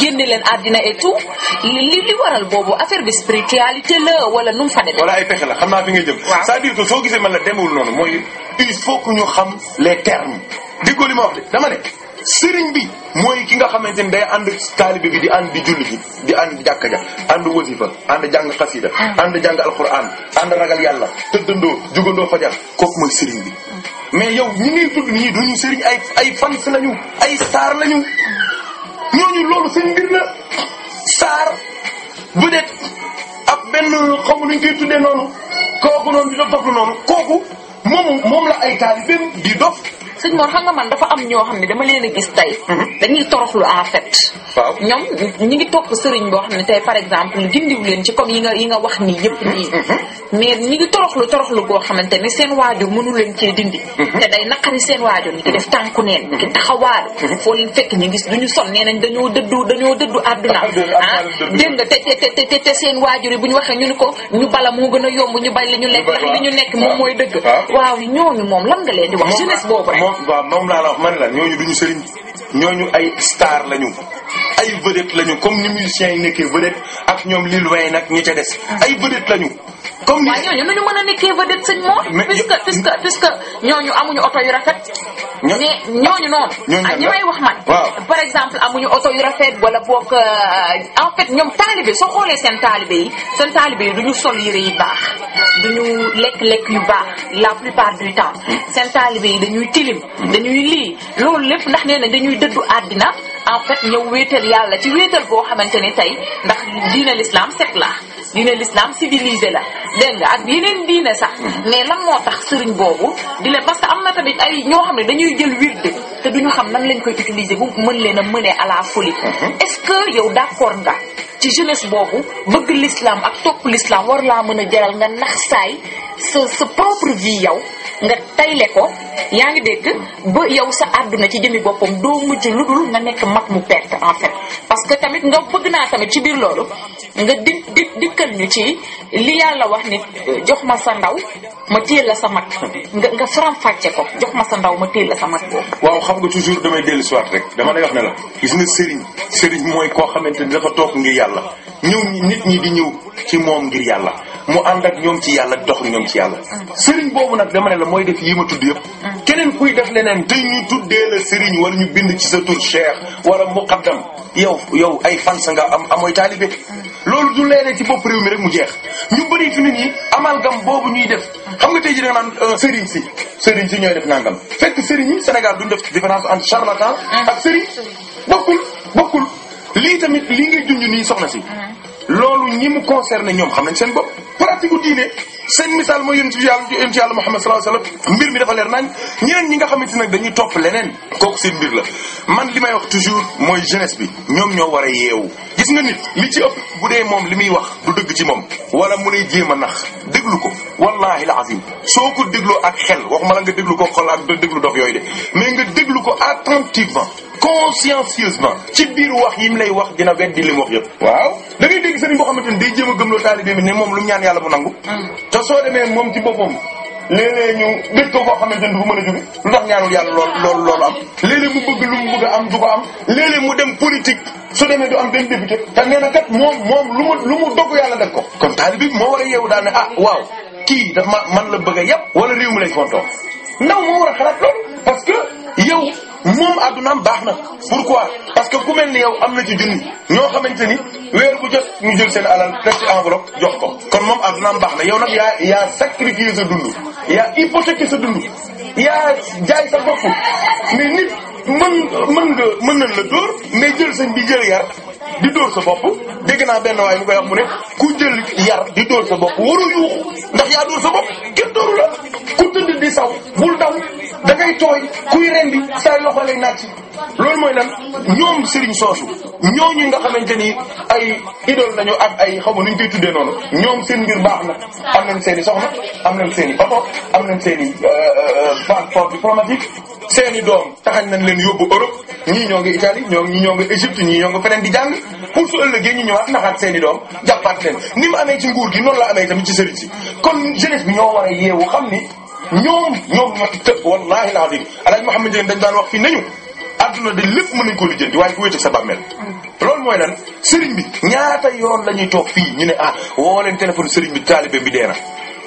génne leen àddina et tout li li waral boobu affaire bi spiritualité la wala nu mu fa demee. wala ay pexe la xam naa fi nga jëm. waaw cest à soo gisee ma la demewul noonu mooy il faut que ñu xam les termes. déggoo li ma de dama ne. sëriñ bi mooy ki nga xamante ni day ànd taalibe bi di ànd di julli fi di ànd jàkka ja ànd wasifa ànd jàng xasida ah. ànd jàng alxuraan ànd ragal yàlla tëddandoo jugandoo fajar kooku mooy sëriñ bi mais yow ñi ngay tudd nii duñu sëriñ ay ay fans lañu ay ñu lañu ñooñu loolu seen mbir la star bu det ab benn xamu luñ koy tuddee noonu kooku noonu di dof dof noonu kooku moom la ay taalibeem di dof sëñ Mor xam nga man dafa am ñoo xam ne dama leen gis tey mhm. dañuy toroxlu en fait waaw ñoom ñi ngi topp sëriñ boo xam ne te par exemple gindiw leen ci comme yi nga yi nga wax nii yëpp nii mhm. Mhm. mais ñi ngi toroxlu toroxlu goo xamante ne seen waajur mënu leen cee dindi te day naqari seen waajur ni ki def tànku neen ni ki taxawaalu foo ñu gis duñu son nee nañ dañoo dëddu dañoo dëddu àdduna ah dégg nga te te seen waajur yi bu ñu waxee ñu ni ko ñu bala moo gën a yomb ñu bay li ñu lekk ndax li ñu nekk moom mooy dëgg waaw ñooñu moom lan nga leen di wax jeunesse boobu rek moom waaw moom laa la wax ma ne ñu ñooñu duñu sëriñ ñooñu ay star lañu ay vedette lañu comme ni musiciens yi nekkee vedette ak ñoom Lil Wayne ak ñi ca des. ay vedette lañu. comme ni waaw ñooñu nu ñu mën a nekkee que sëñ Mor. mais puisque ñooñu amuñu oto yu rafet. ñoo ñooñu noonu. ñooñu ak ah, ñi may wax man. waaw par exemple amuñu oto yu rafet wala boog euh, en fait ñoom taalibe soo xoolee seen taalibe yi seen taalibe yi du ñu sol yére yu baax du ñu lekk-lekk yu baax la plupart du temps seen taalibe yi dañuy tilim dañuy lii loolu lépp ndax nee na dañuy dëddu àddina en fait ñëw wéetal yàlla ci wéetal goo xamante ni tey ndax diine l'islam set la diine l'islam civilisé la dégg nga ak yeneen diine sax mais lan moo tax sëriñ boobu di leen parce que am na tamit ay ñoo xam ne dañuy jël wirde te duñu xam nan lañ koy utiliser bu mën leen a mënee à la folie mhm. est que yow d'accord nga ci jeunesse boobu bëgg l'islam ak topp l'islam war laa mën a jaral nga nax saay sa sa propre vie yow nga tayle ko yaa ngi dégg ba yow sa àdduna ci jëmi boppam doo mujj lu dul nga nekk mag mu perte en fait parce que tamit nga bëgg naa tamit ci biir loolu nga dik dik dikkal ñu ci li yàlla wax ni jox ma sa ndaw ma téel la sa mag nga nga faram-fàcce ko jox ma sa ndaw ma téel la sa mag boobu xam nga toujours damay dellu siwaat rek dama lay wax ne la gis nga sëriñ sëriñ mooy koo xamante ni dafa toog ngir yàlla ñëw nit ñi di ñëw ci moom ngir yàlla mu ànd ak ñoom ci yàlla dox ak ñoom ci yàlla mm. sëriñ boobu nag dama ne la mooy def yi ma tudd yëpp mm. keneen kuy def leneen te ñu tuddee la sëriñ wala ñu bind ci sa tur cheikh wala muqaddam yow yow ay fan sa nga am amooy taalibe mm. loolu du leeree ci bopp réew mi rek mu jeex ñu bëri fi nit ñi amalgam boobu ñuy def xam nga tey jii da nga naan euh, sëriñ si sëriñ si ñooy def nangam fekk sëriñ ñu Sénégal du def différence entre charlatan mm. ak sëriñ bokkul bokkul lii tamit lii ngay junj nii soxna si mm. loolu ñi mu concerné ñoom xam nañ seen bopp pratiqueu diine seen misaal mooy yonent yàlla yonent yàlla Muhammad sallallahu alayhi wasallam mbir mi dafa leer nañ ñeneen ñi nga xamante nag dañuy topp leneen kooku seen mbir la man li may wax toujours mooy jeunesse bi ñoom ñoo war a yeewu gis nga nit li ci ëpp bu dee moom li muy wax du dëgg ci moom wala mu lay jéem a nax déglu ko wallahi alazim soo ko déglu ak xel waxuma la nga déglu ko xol ak déglu dox yooyu de mais nga déglu ko attentivement consciencieusement ci biir wax yi mu lay wax dina weddi li mu wax yëpp. waaw da dégg sëriñ boo xamante ni a gëmloo taalibe ne moom lu mu ñaan yàlla bu nangu. Hmm. te soo demee moom ci boppam léeg-léeg ñu dégg ko koo xamante ni du a jóge lu tax ñaanul lool lool loolu am. léeg-léeg mu bëgg lu am du ko am léeg mu dem politique su demee du am benn député te nee na kat moom moom lu mu lu mu dogg yàlla def ko. kon taalibe bi moo war a yeewu daal ne ah waaw kii dafa man la bëgg a yàpp wala réew mi lay fontoo ndaw moo war a xalaat loolu parce que yow moom addunaam baax na pourquoi parce que ku mel ni yow am na ci junni ñoo xamante ni weer bu jot ñu jël seen alal def ci enveloppe jox ko kon moom addunaam baax na yow nag yaa yaa sacrifier sa dund yaa hypothéquer sa dund yaa jaay sa bopp mais nit mën mën nga mën nañ la dóor mais jël sañ bi jël yar di dóor sa bopp dégg naa benn waaye mu koy wax mu ne ku jël yar di dóor sa bopp waru yuuxu ndax yaa dóor sa bopp kenn dóoru la ku tëdd di saw bul daw da ngay tooy kuy rendi say loxo lay naaj ci loolu mooy lan ñoom sëriñ soosu ñooñu nga xamante ni ay idole dañu ak ay xaw ma nuñ koy tuddee noonu ñoom seen mbir baax na am nañ seen i soxna am nañ seen i oto am nañ seen i euh, euh, euh, passeport diplomatique seen i doom taxañ nañ leen yóbbu Europe ñii ñoo nga Italie ñoo ñii ñoo ngi Égypte ñii ñoo nga feneen di jàng pour su ëllëgee ñu ñëwaat naxaat seen i doom jàppaat leen ni mu amee ci nguur gi noonu la amee tamit ci sëriñ si kon jeunesse bi ñoo war a yeewu xam ni ñoom ñoom te wallaahi alazim alaaj Muhammad Jeen dañ daan wax fii nañu adduna de lépp mën nañ ko lijjanti waaye ku wéete sa bàmmeel loolu mooy lan sëriñ bi ñaata yoon la ñuy toog fii ñu ne ah woo leen téléphone sëriñ bi taalibe bi dee na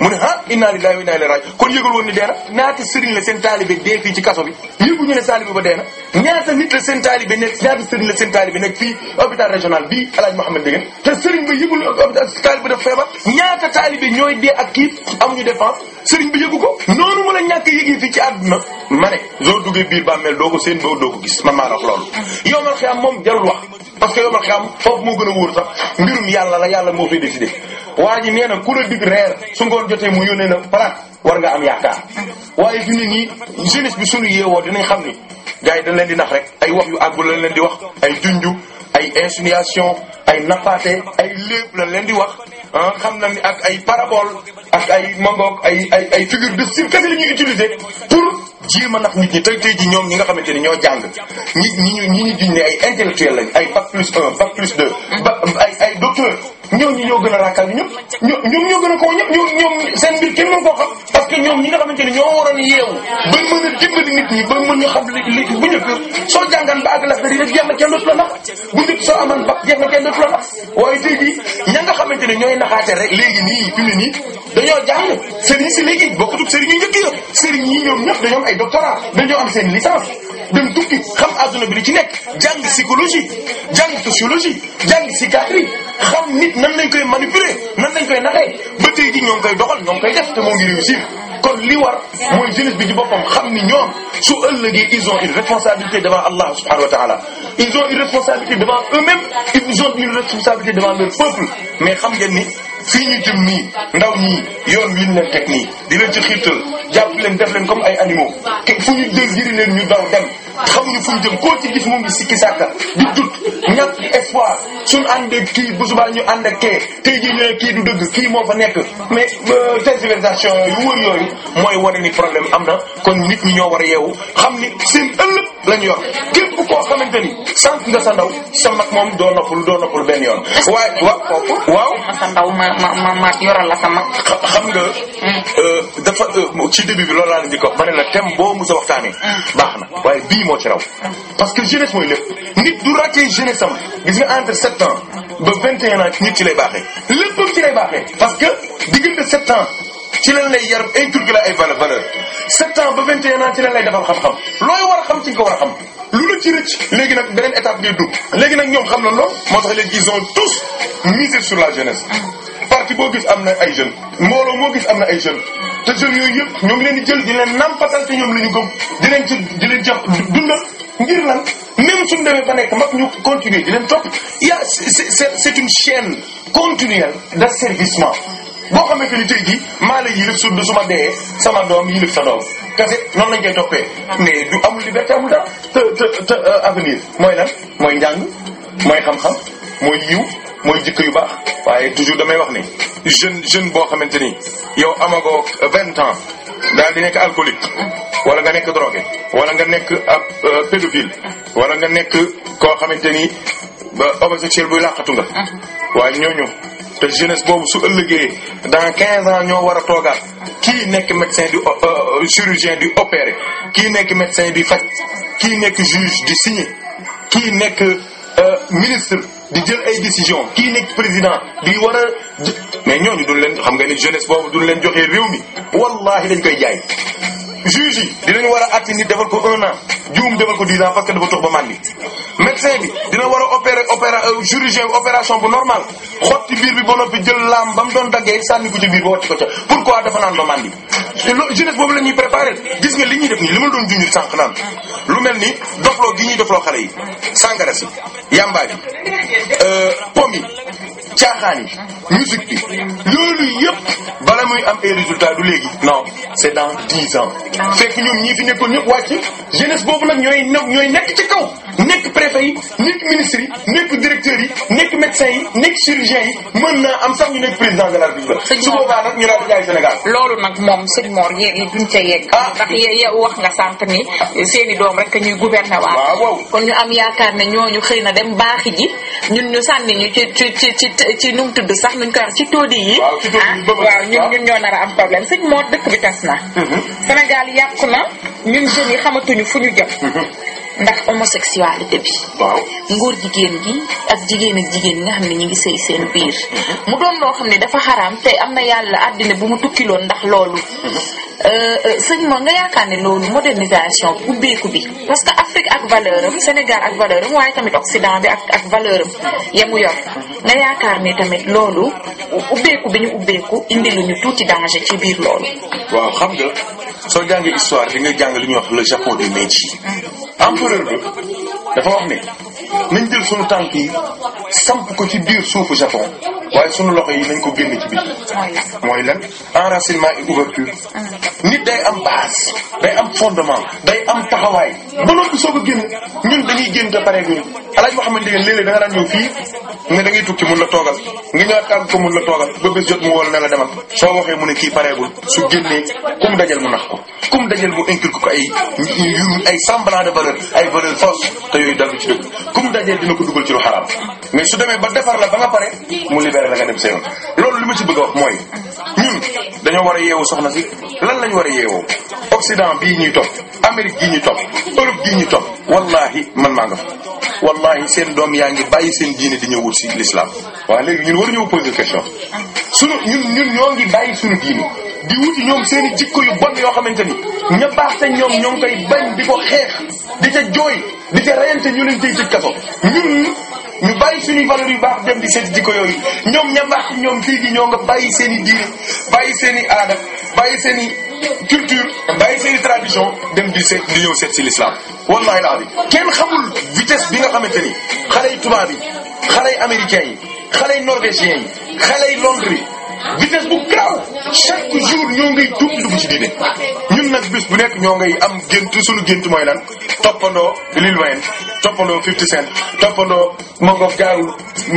mu ne ah inna lillahi wa inna ilayhi raji kon yëgal woon ni dee na ñaata sëriñ la seen taalibe dee fii ci kaso bi yëguñu ne taalibe ba dee na ñaata nit la seen taalibe nekk ñaata fii hôpital régional bii El Hadj Mouhamed Ndieguene te sëriñ ba yëgul hôpital taalibe daf feebar ñaata taalibe ñooy dee ak kii amuñu défense sëriñ bi yëgu ko noonu mu a ñàkk yëgee fii ci àdduna ma ne soo duggee biir bàmmeel doo ko seen doo doo ko gis man maa la wax loolu yowmal xiyaam moom parce que yowmal xiyaam foofu moo gën a wóor sax mbirum yàlla la yàlla moo fay waa ji nee na ku la dig reer su ngoon jotee mu yónnee na palaat war nga am yaakaar waaye fi mu nii jeunesse bi suñu yeewoo dinañ xam ni gars yi dañ leen di nax rek ay wax yu àggul lañ leen di wax ay junju ay insinuation ay nappaate ay léeb lañ leen di wax ah xam na ni ak ay parabole ak ay mangoog ay ay ay figure de style kese la ñuy utiliser pour jéem a nax nit ñi tey tey ji ñoom ñi nga xamante ni ñoo jàng ñi ñi ñu ñi ñu juñ ay intellectuel lañ ay bac plus un bac plus deux ba ay ay docteur ñooñu ñoo gën a rakkal ñëpp ñoo ñoom koo ñëpp ñoom ñoom ñoom ñoo waroon yeewu ba mën a a xamante ne ñooy naxaate rek léegi nii fi mu ne nii léegi bokkutub sëriñ yu njëkk ya sëriñ yi ñoom ñëpp dañoo am ay doctorat dañoo am seen licence dem tukki xam adduna bi li ci nekk jàng psychologie jàng sociologie jàng psychiatrie xam nit nan lañ koy manipuler nan lañ koy naxee ba tey ji ñoom koy doxal ñoom koy def te moo ngi réussir li war mooy jeunesse bi ci boppam xam ni ñoom su ëllëgee ils ont une responsabilité devant Allah subhanahu wa ta'ala ils ont une responsabilité devant eux-mêmes ils ont une responsabilité devant leur peuple mais xam ngeen ni fii ñu jëm nii ndaw ñii yoon wi ñu leen teg nii di leen ci xiirtal jàpp leen def leen comme ay animaux te fu ñu désiré leen ñu daw dem xamuñu fu ñu jëm koo ci gis moom ngi sikki sàkka di dut ñàkk espoir suñ àndee kii bu subaa ñu ànd ak kee tey jii ñu kii du dëgg kii moo fa nekk mais te euh, sensibilisation yu wër yooyu mooy wane ni problème am na kon nit ñi ñoo war a yeewu xam ni seen ëllëg lañ yor képp koo xamante ni sant nga sa ndaw sa mag moom doo noppul doo noppul benn yoon waaye waaw waaw ma ma ma la sa mag. xam nga. Hmm. Euh, dafa euh, ci début bi loolu a ko wax ma ne la thème boo mos a hmm. baax na waaye bi moo ci raw. parce que jeunesse mooy lépp nit du raté jeunesse am gis nga entre sept ans vingt et un nit ci lay baaxee léppam ci lay baaxee parce que diggante sept ans. ci lañ lay yar inculquer la ay valeur valeur sept ans ba vingt et un ans ci lañ lay defal xam-xam looy war a xam ci nga ko war a xam lu ci rëcc léegi nag beneen étape ngay dugg léegi nag ñoom xam na lool moo tax léegi ils ont tous misé sur la jeunesse parti boo gis am na ay jeunes mbooloo moo gis am na ay jeunes te jeunes yooyu yëpp ñoo ngi leen di jël di leen nampatal te ñoom la ñu gëm di leen ci di leen jox dundal ngir lan même suñ demee ba nekk mag ñu continuer di leen topp ya c'est c'est continuel chaîne service ma boo xamante ni tey jii maa la yilif su su ma dee sama doom yilif sa doom te fekk noonu lañ koy toppee mais du amul liberté amul dara te te te euh, avenir mooy lan mooy njàng mooy xam-xam mooy yiw mooy jikko yu baax waaye toujours damay wax ni jeune jeune boo xamante ni yow amagoo vingt ans daal di nekk alcoolique wala nga nekk drogué wala nga nekk ab euh, pédophile wala nga nekk koo xamante ni homosexuel buy làqatu nga waaye ñëw te jeunesse boobu su ëllëgee dans quinze ans ñoo war a toogaat kii nekk médecin di euh, euh, chirurgien di opérer kii nekk médecin di faj kii nekk juge di signer kii nekk euh, ministre di jël ay décision kii nekk président di war a mais ñooñu duñ leen xam nga ni boobu duñ leen joxee réew mi wallahi dañ koy jaay juge yi dinañu war a àtte nit defal ko un an juum defal ko dix ans parce que dafa tux ba màndi médecin bi dina war a opérer opéra euh, chirurgien bi opération bu normal xotti biir bi ba noppi jël laam ba mu doon daggee sànni ko ci biir ba watti ko ca pourquoi dafa naan ba màndi te boobu la ñuy préparer gis nga li ñuy def nii li ma doon junjur sànq naan lu mel ni dofloo gi ñuy dofloo xale yi sàngara si yàmbaa bi euh, pom yi caaxaan yi musique bi loolu yëpp bala muy am ay résultat du léegi non c'est dans dix ans fekk ñoom ñii fi nekkoon ñëpp wàcc jeunesse boobu nag ñooy ñooy nekk ci kaw nekk préfet yi nekk ministre yi nekk directeur yi nekk médecin yi nekk chirurgien yi mën naa am sax ñu nekk président de la République su ñu moom sëñ Mor yéen duñ ca yegg ah. ndax yow wax nga sànq ni seeni doom rek ñuy gouverner waaw ñu am yaakaar ne ñooñu xëy na dem baaxi ji ñun ñu sànni ñu ci ci ci Eh, ci nu mu tudd sax nuñ ko wax ci tóodi yi ah ñun ñun ñoo nar a am problème sëñ moo dëkk bi tas na mm-hmm. Sénégal yàqu na ñun jeunes yi xamatuñu fu ñu jëm mm-hmm. ndax homosexualité bi waaw ngóor jigéen gi ak jigéen ak jigéen nga xam ne ñu ngi sëy seen biir mm-hmm. mu doon loo xam ne dafa xaraam tey am na yàlla àddina bu mu tukki tukkiloon ndax loolu Euh, euh, sëñ moom nga yaakaar ne loolu modernisation bi ubbeeku bi parce que Afrique ak valeur Sénégal ak valeur waaye tamit Occident bi ak ak valeur yamu yor nga yaakaar ne tamit loolu ubbeeku bi ñu ubbeeku indi lu ñu tuuti danger ci biir loolu. waaw xam nga soo jàngee histoire di jàng li ñuy wax le Japon des Meiji. Mm. empereur bi dafa wax ne. nañ jël suñu tànk yi samp ko ci biir suufu japon waaye sunu loxo yi nañ ko génne ci biti mooy lan enracinement et ouverture nit day am base day am fondement day am taxawaay ba noppi soo a génn ñun dañuy génn te pare guñu alaaj boo xamante ne léeg-léeg da nga daan ñëw fii ne da ngay mun la toogal nga ñëwaat tàgg ko mun la toogal ba bés wol ne la demal soo waxee mu ne kii pareegul su génnee kum dajal mu nax ko kum dajal mu inculque ko ay ay semblant de valeur ay valeur fausse te yooyu dalu ci dëgg mu dajee dina ko dugal ci lu xaraam mais su demee ba defar la ba nga pare mu libéré la nga dem seen loolu li ma ci bëgg a wax mooy ñun dañoo war a yeewu soxna si lan lañ war a yeewoo Occident bii ñuy topp Amérique gii ñuy topp Europe gii ñuy topp wallahi man maa nga fa wallahi seen doom yaa ngi bàyyi seen diine di ñëwul si l'islam waaye léegi ñun waruñoo poser question sunu ñun ñun ñoo ngi bàyyi sunu diine di wuti ñoom seen i jikko yu bon yoo xamante ni ña baax te ñoom ñoo ngi koy bañ di ko xeex di ñun ñi ñu bàyyi suñuy valeur yu baax dem di seet jikko yooyu ñoom ña baax ñoom fii gi ñoo nga bàyyi seen i bàyyi seen i aada bàyyi seen i culture bàyyi seen i tradition dem di seet di ñëw seet si l'islam wallahi daal bi kenn xamul vitesse bi nga xamante ni xale yu tubaab yi xale yu américains yi xale yu norvégiens yi xale yi Londres yi vitesse bu graw chaque jour ñoo ngay dugg dugg ci diine ñun nag bis bu nekk ñoo ngay am gént suñu gént mooy lan toppandoo Lil Wayne toppandoo 50 Cent toppandoo mongo Mangof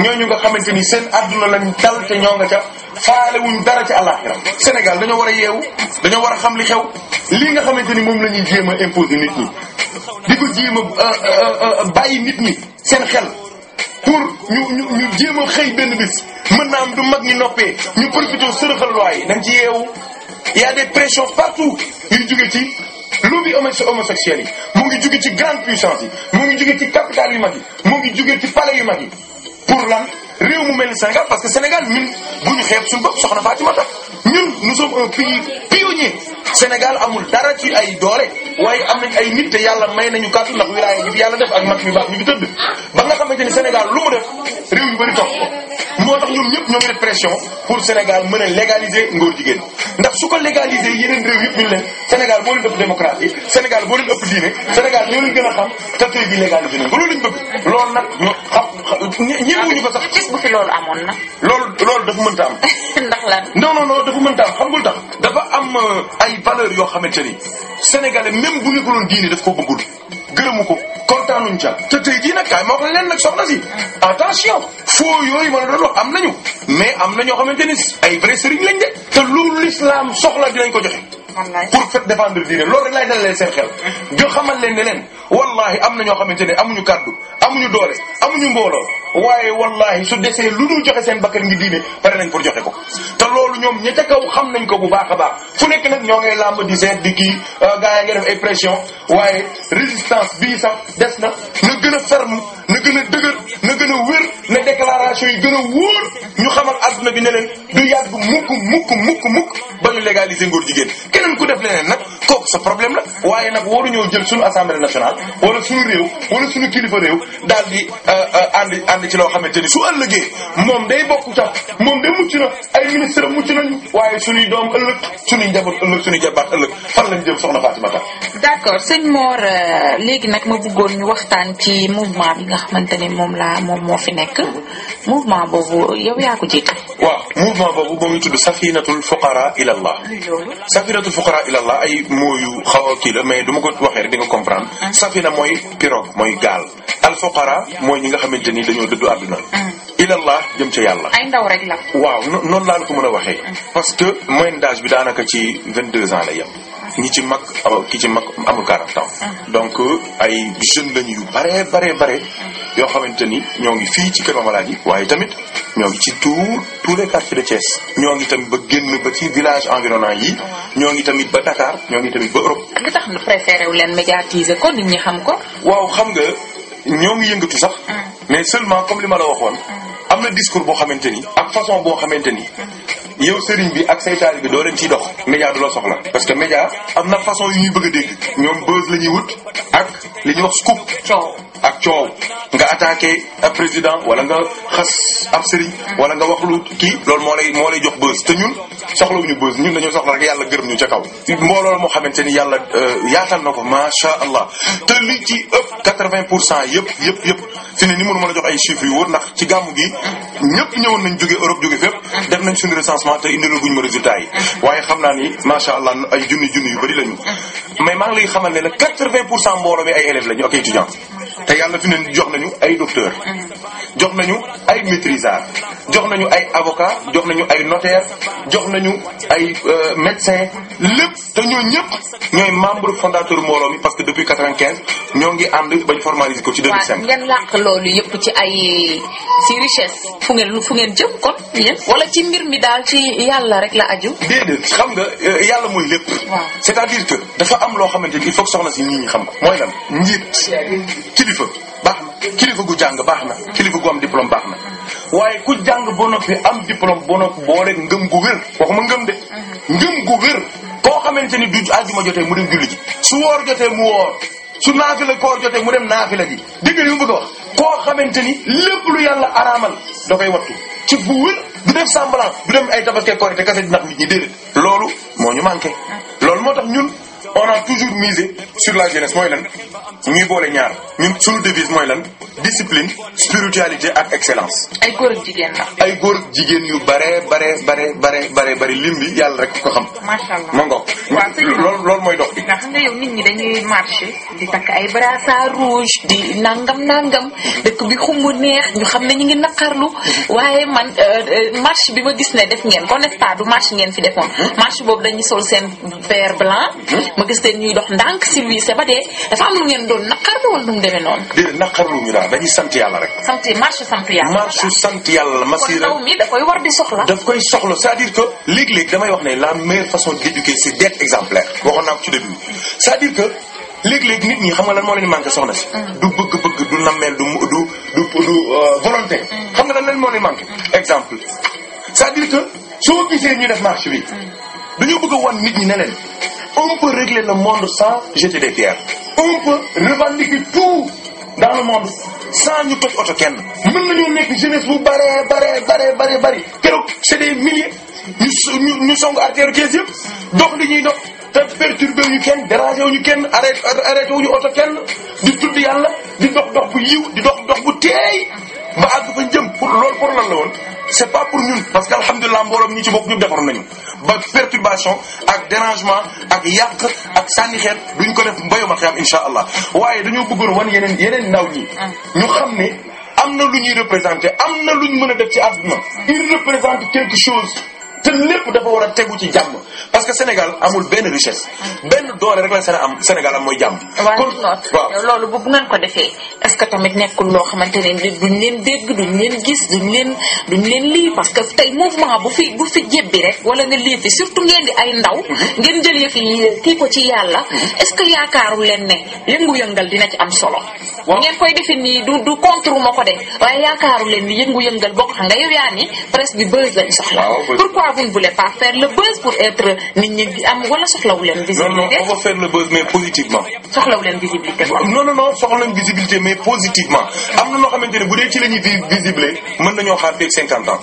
ñoo ñu nga xamante ni seen adduna lañ dal te ñoo nga ca faale wuñ dara ci àllaxira Sénégal dañoo war a yeewu dañoo war a xam li xew lii nga xamante ni moom la ñuy jéem a imposer nit ñi di ko jéem a euh, euh, euh, bàyyi nit ñi seen xel pour ñu ñu ñu jéem a xëy benn bis mën naa am du mag ñi noppee ñu profité sërëxal loi yi dañ ci yeewu y a des pressions partout ñu jóge ci lobby homosexuel yi mu ngi jóge ci grande puissance yi mu ngi jóge ci capital yu mag yi mu ngi jóge ci palais yu mag yi pour lan réew mu mel ni Sénégal parce que Sénégal ñun bu ñu xeeb suñu bopp soxna Fatima tax ñun nous sommes un pays pionnier Sénégal amul dara ci ay doole waaye am nañ ay nit te yàlla may nañu kàttu ndax wilaaya yi yàlla def ak mag mi baax ñu fi tëdd ba nga xamante ni Sénégal lu mu def réew yu bari moo tax ñoom ñëpp ñoo ngi def pression pour Sénégal mën a légaliser ngóor jigéen ndax su ko légaliser yeneen réew yëpp ñu leen Sénégal boo leen ëpp démocratie Sénégal boo leen ëpp diine Sénégal ñoo leen gën a xam te tey bi légaliser nañ ko loolu ñu ko sax bu fi loolu amoon na. loolu loolu dafa mënta am. [laughs] ndax lan non non non dafa mënta am xamul tax dafa am euh, ay valeurs yoo xamante ni sénégalais même bu nekkuloon diine def ko bëggul gërëmu ko kontaanuñ ca te tey jii nag kaay moo wax leen nag soxna si attention foo yooyu ma la doon wax am nañu mais am na ñoo xamante ni ay vrai sëriñ lañ de te lu l'islam soxla dinañ ko joxe. pour fait défendre diine loolu rek laay dalalee seen xel. jo mm-hmm. xamal leen ne leen wallahi am na ñoo xamante ne amuñu kaddu amuñu doole amuñu mbooloo waaye wallahi su desee lu dul joxe seen bakkan ngi diine pare nañ pour joxe ko te loolu ñoom ñi ca xam nañ ko bu baax a baax fu nekk nag ñoo ngay làmb di seet di kii gaa yaa ngi def ay pression waaye résistance bii sax des na na gën a ferme na gën a dëggër na gën a wér na déclaration yi gën a wóor ñu xamal adduna bi ne leen du yàgg mukk mukk mukk mukk ba ñu légaliser ngóor jigéen keneen ku def leneen nag kooku sa problème la waaye nag waru waruñoo jël suñu assemblée nationale wala suñu réew kilifa réew daal di euh, euh, ànd na ci loo xamante ni su ëllëgee moom day bokk tax moom day mucc na ay ministre mucc nañu waaye suñuy doom ëllëg suñuy njaboot ëllëg suñuy jabaat ëllëg fan lañ jëm soxna Fatimata d'accord sëñ Mor euh, léegi nag ma bëggoon ñu waxtaan ci mouvement bi nga xamante ni moom laa moom moo fi nekk mouvement boobu yow yaa ko jiite waaw mouvement boobu boo ngi tudd safinatul fuqara ila allah safinatul fuqara ila allah ay mooyu xaw a kii la mais du ma ko waxee rek di nga comprendre ah. safina mooy pirogue mooy gaal al fuqara mooy ñi nga xamante ni dañoo dëddu àdduna mm. ilallah jëm ca yàlla ay ndaw rek la waaw noonu laa la ko mën a waxee mm. parce que moyenne d'âge bi daanaka ci vingt deux ans la yem ñi ci mag ki ci mag amul quarante ans mm. donc euh, ay jeunes lañu bare bare bare yoo xamante ni ñoo ngi fii ci Kër Mamalaat yi waaye tamit ñoo ngi ci tout tous les quartiers de Thiès ñoo ngi tamit ba génn ba ci village environnant yi ñoo ngi tamit ba Dakar ñoo ngi tamit ba Europe li tax nu préféré leen médiatiser ñoo ngi yëngatu sax mm. mais seulement comme li ma la waxoon mm. am na discours boo xamante ni ak façon boo xamante ni mm. yow sëriñ bi ak saytaal bi doo leen ciy dox média du la soxla parce que média am na façon yu ñuy bëgg a dégg ñoom buzz la wut ak li ñuy wax scoop ak coow nga attaqué ab président wala nga xas ab sëriñ wala nga wax lu kii loolu moo lay moo lay jox bës te ñun soxlawuñu bës ñun dañoo soxla rek yàlla gërëm ñu ca kaw. mbooloo moo xamante ni yàlla euh, yaatal na ko macha allah te li ci ëpp 80 pour cent yëpp yëpp yëpp fi ne ni mënu ma la jox ay chiffres yu wóor ndax ci gàmmu gi ñëpp ñëwoon nañ jóge Europe jóge fépp def nañ suñu recensement te indilu guñ ma résultat yi waaye xam naa ni macha allah ay junni junni yu bëri lañu mais maa ngi lay xamal ne la 80 pour cent mbooloo mi ay élèves lañu te yàlla fi ne jox nañu ay docteur jox nañu ay maîtrisard jox nañu ay avocat jox nañu ay notaire jox nañu ay euh, médecin lépp te ñoo ñëpp ñooy membre fondateur mbooloo mi parce que depuis quatre-vingt-quinze ñoo ngi ànd bañ formaliser ko ci deux mille cinq ngeen làq loolu yëpp ci ay ci richesse fu ngeen fu ngeen jëm kon yéen ci mbir mi daal ci yàlla rek la aju déedéet xam nga euh, yàlla mooy lépp c'est-à-dire que dafa am loo xamante ni il faut soxna si nit ñi xam ko mooy lan kilifa baax na kilifa gu jàng baax na kilifa gu am diplôme baax na waaye ku jàng ba noppi am diplôme ba noppi boole ngëm gu wér waxuma ngëm de mhm. ngëm gu wér koo xamante ni du àjjuma jotee mu dem julli ji su woor jotee mu woor su naafila koor jotee mu dem naafila ji dégg nga li a wax koo xamante ni lépp lu yàlla araamal da koy wattu ci bu wér du def semblant du dem ay tabaski koor te kase di nit ñi déedéet loolu moo ñu manqué mhm. loolu moo tax ñun on a toujours misé sur la jeunesse mooy lan ñuy boole ñaar ñun suñu devise mooy lan discipline spiritualité ak excellence. ay góor ak jigéen la. ay góor ak jigéen yu bare bare bare bare bare bare lim bi yàlla rek ko xam. macha allah ma ngoog. waaw mooy dox bi. ndax nga yow nit ñi dañuy marché di takk ay brassard rouge di nangam nangam dëkk bi xumb neex ñu xam ne ñu ngi naqarlu waaye man euh, euh, marche bi ma gis ne def ngeen ko n'est-ce pas du ngeen fi defoon. Hmm? marche boobu dañuy sol seen vert blanc. Hmm? ma gis leen ñuy dox ndànk civilisé ba dee dafa am lu ngeen doon naqarlu wala nu mu demee noonu. déedéet naqarlu ñu daal dañuy sant yàlla rek. sant marche sant yàlla. marche sant yàlla la masira kon ndaw mi da koy war di soxla. daf koy soxla c'est-à-dire que léeg-léeg damay wax ne la meilleure façon d'éduquer c'est d'être exemplaire. waxoon naa ko ci début c'est-à-dire que. léegi-léegi nit ñi xam nga lan moo leen manqué soxna si mm. du bëgg-bëgg du nammeel du du du du euh, volonté mm. xam nga lan leen moo leen manqué mm. exemple c'est-à-dire que soo gisee ñu def marche bi dañoo bëgg a wan nit ñi ne leen on peut régler le monde sans jeter des pierres on peut revendiquer tout dans le monde sans ñu toj oto kenn mën nañoo nekk jeunesse bu bare bare bare bare bëri keroog c'est des milliers ñu ñu song artère kees yëpp dox li ñuy dox te perturbé wuñu kenn dérangé wuñu kenn arrêté arrêté wuñu oto kenn di tudd yàlla di dox dox bu yiw di dox dox bu teey ba àgg fa jëm pour loolu pour lan la woon c'est pas pour ñun parce que alhamdulilah mbooloom ñi ci bokk ñu defaroon nañu ba perturbation ak dérangement ak yàq ak sànni xeet duñ ko def mbayuma xiyam insha allah waaye dañoo bëggoon wan yeneen yeneen ndaw ñi ñu xam ne am na lu ñuy représenter am na luñ mën a def ci àdduna il représente quelque chose te lépp dafa war a tegu ci jàmm parce que Sénégal amul benn richesse ah. benn doole rek la seen am Sénégal am mooy jàmm. kon waaw loolu bu ngeen ko defee est ce que tamit nekkul loo xamante ne duñ leen dégg duñ leen gis duñ leen duñ leen lii parce que tey mouvement bu fi bu fi jébbi rek wala nga lii fi surtout ngeen di ay ndaw. Mhm. ngeen jël yëf yi kii ko ci yàlla. Mhm. est que yaakaaru leen ne yëngu-yëngal dina ci am solo. ngeen koy defee nii du du contre ma ko de waaye yaakaaru leen pas vous ne voulez pas faire le buzz pour être nit am wala soxlawu leen. visibilité non visibilité. mais positivement am na noo xamante ne bu dee ci la ñuy visible mën ans.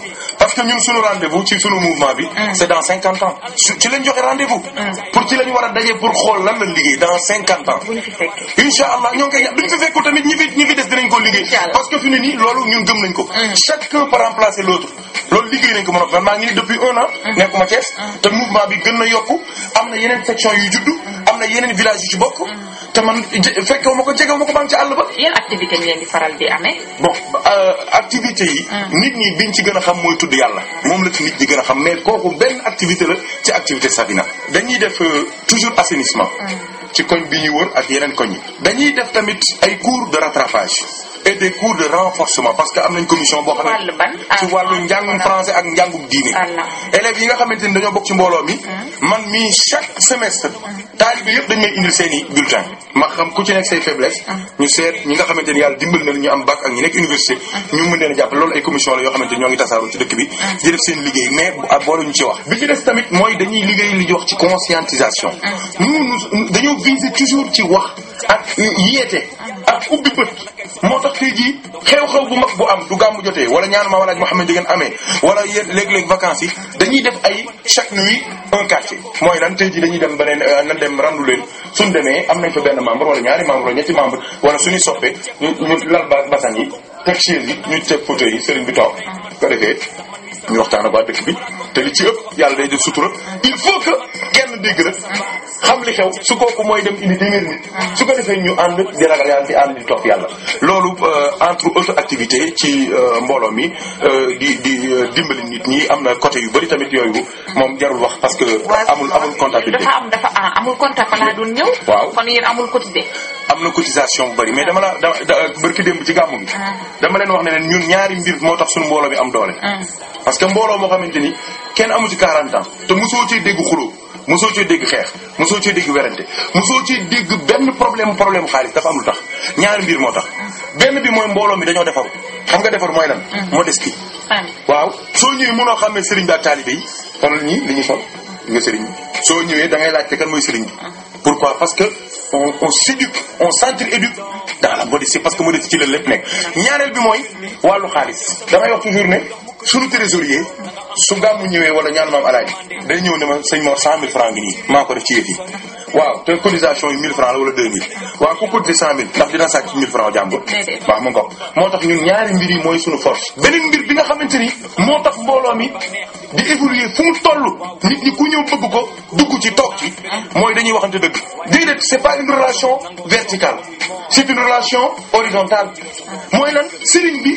que ñun suñu rendez-vous ci suñu mouvement bi. Mm. c'est dans cinquante ans ci lañ joxe rendez mm. pour ci lañ war a daje pour xool lan la liggéey dans cinquante ans. incha allah ñoo ngi koy ña duñ fi fekku tamit ñi fi ñi fi des dinañ ko liggéey. parce que fi ne nii loolu ñun gëm nañ ko. Mm. chacun peut remplacer l'autre loolu liggéey nañ ko mën a maa ngi nii depuis un an. nekkuma Thiès. te mouvement bi gën na yokku am na yeneen section yu juddu. am na yeneen village yu ci bokk. Mm. te man fekkewu ma ko jegewu ma ko bam ci àll ba. yan activité ngeen di faral di amee. bon euh, activité yi. Mm. nit ñi biñ ci gën a xam mooy tudd yàlla. moom la ci nit di gën a xam mais kooku benn activité la ci activité Sabina. dañuy def euh, toujours assainissement. Mm. ci koñ bi ñu wër ak yeneen koñ yi dañuy def tamit ay cours de rattrapage et des cours de renforcement parce que am nañ commission boo xam ah, ci wàllu njàngum français ak njàngum diine ah, élèves yi nga xamante ni dañoo bokk ci mbooloo mi hmm. man mii chaque semestre taalibe yëpp dañ may indil seen i bulletin ma xam ku ci nekk say faiblesse hmm. ñu seet ñi nga xamante ni yàlla dimbal na ñu am bac ak ñi nekk université hmm. ñu mën leen a jàpp loolu ay commission la yoo xamante ni ñoo ngi tasaaroo ci dëkk bi civilisé toujours ci wax ak yeete ak ubbi bët moo tax fii ji xew-xew bu mag bu am du gàmmu jotee wala ñaanu ma wala ak Mouhamed Ndieguène amee wala yéen léeg-léeg vacances yi dañuy def ay chaque nuit un quartier mooy lan tey ji dañuy dem beneen euh, nan dem randu leen suñ demee am nañ fa benn membre wala ñaari membre wala ñetti membre wala suñuy soppe ñu ñu lal basan yi teg chaise yi ñu teg fauteuil yi sëriñ bi toog ko defee ñu waxtaan ak waa dëkk bi te li ci ëpp yàlla day def sutura il faut que dégg rek xam li xew su kooku mooy dem indi téeméer mi su ko defee ñu ànd di ragal yàlla di ànd di topp yàlla loolu euh, entre autres activités ci euh, mbooloo mi euh, di di dimbali nit ñi am na côté yu bari tamit yooyu moom jarul wax parce que amul amul comptabilité dafa am dafa ah, amul comptable laa doon ñëw waaw kon amul cotisé am na cotisation bu bari mais dama la da bërki démb ci ah. dama leen wax ne leen ñun ñaari mbir moo tax suñu mbooloo mi am doole ah. parce que mbooloo moo xamante ni kenn amu ci 40 ans te mosoo ci dégg xuloo mosoo cee dégg xeex mosoo ci dégg werante soo ci dégg benn problème problème xaalis dafa am lu tax ñaari mbir moo tax benn bi mooy mbooloom mi dañoo defaru xam nga defaru mooy lan mm. moo des kii waaw soo ñëwee mënoo xam ne sëriñ bi ak taalibe yi xoolal ñii li ñuy sol nga sëriñ bi soo ñëwee da ngay laajte kan mooy sëriñ bi mm. pourquoi parce que on on s'éduque on s'entre-éduque dans la modestie parce que modestie ci la lépp nekk. ñaareel bi mooy wàllu xaalis damay wax toujours ne suñu trésorier su gàmmu ñëwee wala ñaan maam alaaji day ñëw ne ma sëñ Mor cent mille francs ngi nii maa ko def ci yëf yi waaw te cotisation yi mille francs la wala deux mille waaw ku cotisé cent mille ndax dina sàcc mille francs jàmbur waaw mu ngoog moo tax ñun ñaari mbir yi mooy suñu force beneen mbir bi nga xamante ni moo tax mbooloo mi di évoluer fu mu toll nit ñi ku ñëw bëgg ko dugg ci toog ci mooy dañuy waxante dëgg déedéet c'est pas une relation verticale c'est une relation horizontale mooy lan sëriñ bi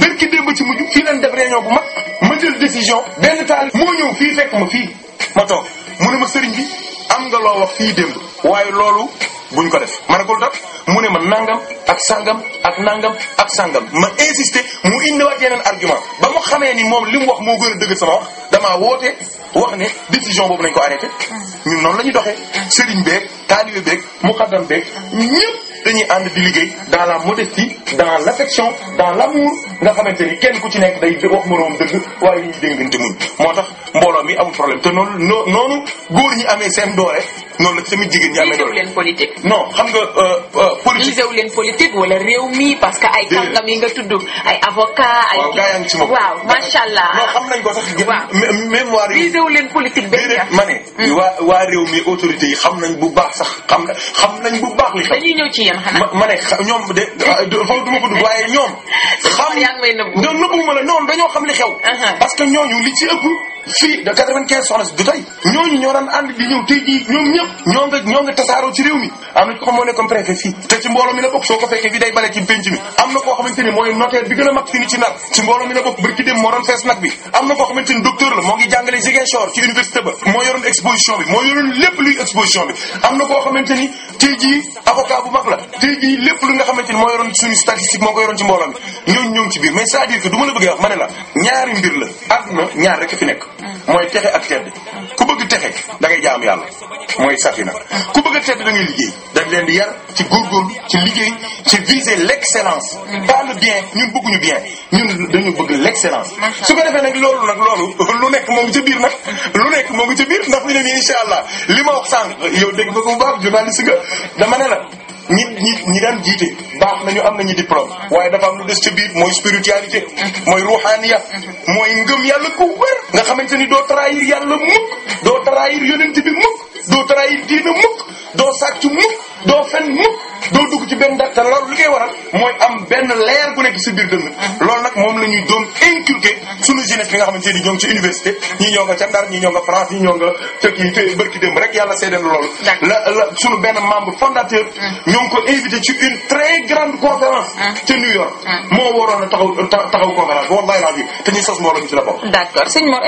bërki démb ci mujj fi lan def réunion bu mag ma jël décision benn taal moo ñëw fii fekk ma fii ma toog mu ne ma sëriñ bi am nga loo wax fii démb waaye loolu buñ ko def ma ne ko lu mu ne ma nangam ak sangam ak nangam ak sangam ma insister mu indiwaat yeneen argument ba mu xamee ni moom li mu wax moo gën a dëgg sama wax damaa woote wax ne décision boobu nañ ko arrêté mm. ñun noonu la ñuy doxee mm. sëriñ beeg mu beeg muqaddam beeg mm. ñëpp dañuy ànd di liggéey dans la modestie dans l'affection dans l'amour nga xamante ni kenn ku ci nekk day wax moroomam dëgg waaye li ñuy déngante muñ moo tax mbooloo mi amul problème te noonu noonu góor ñi amee seen doole noonu la tamit jigéen ñi amee doole leen politique. non xam nga euh, euh, politique visé wu leen politique wala réew mi parce que ay kàngam yi nga tudd ay avocat ay waaw gaa yaa ngi ci moom waaw macha allah non xam nañ ko sax mémoire yi visé wu leen politique benn ma ne mm. waa waa réew mi autorité yi xam nañ bu baax sax xam na xam nañ bu baax li dañuy ñëw ci yéen xanaa ma ne ñoom de ah, foofu duma ko dugg waaye ñoom [laughs] xam yaa ngi may nëbb non nëbbu ma la non dañoo xam li xew uh-huh. parce que ñooñu li ci ëpp fii de 95 soxna si du tey ñooñu ñoo daan ànd di ñëw tey ñoom ñëpp ñoo nga tasaaroo ci réew mi am na ko xam moo nekkoon préfet fii te ci mbooloo mi la bokk soo ko fekkee fii day bale ci penc mi am na koo xamante a moo yoroon exposition bi moo lépp luy nga xamante ni moo yoroon suñu statistique moo ko yoroon ci mbooloo mi ñooñu ñoo ci biir mais c'est-à-dire du ma bëggee wax ma ñaari mbir la àdduna ñaar rek fi nekk mooy texe ak tedd ku bëgg texe da ngay jaam yàlla mooy safina ku bëgg a tedd da liggéey dañ leen di yar ci góorgóorlu ci liggéey ci viser l'excellence pas le bien ñun bëgguñu bien ñun dañu bëgg l'excellence su ko defee nag loolu nag loolu lu nekk moo ngi ca biir nag lu nekk moo ngi ca biir ndax ñu ne nii incha allah li ma wax sànq yow dégg nga ko bu baax journaliste nga dama ne la ñi ñi ñi daan jiite baax nañu am nañu diplôme waaye dafa am lu des ci biir mooy spiritualité mooy ruhaniya mooy ngëm yàlla ku nga xamante ni doo trahir yàlla mukk doo trahir yonent bi mukk doo trahir diina mukk doo sàcc mukk doo fen mukk doo dugg ci benn dara te loolu li koy waral mooy am benn leer bu nekk ci biir dënn loolu nag moom la ñuy doon inculquer suñu jeunesse bi nga xamante ni ñoo ngi ci université ñii ñoo nga ca Ndar ñii ñoo nga France ñii ñoo nga tëkk yi te bërki dem rek yàlla seedeel loolu la la suñu benn membre fondateur mm. ñoo ngi ko invité ci une très grande conférence mm. ca New York mm. moo waroon a taxaw taxaw conférence bi wallahi laa bi te ñuy sos moo la ñu ci la bokk d'accord sëñ Mor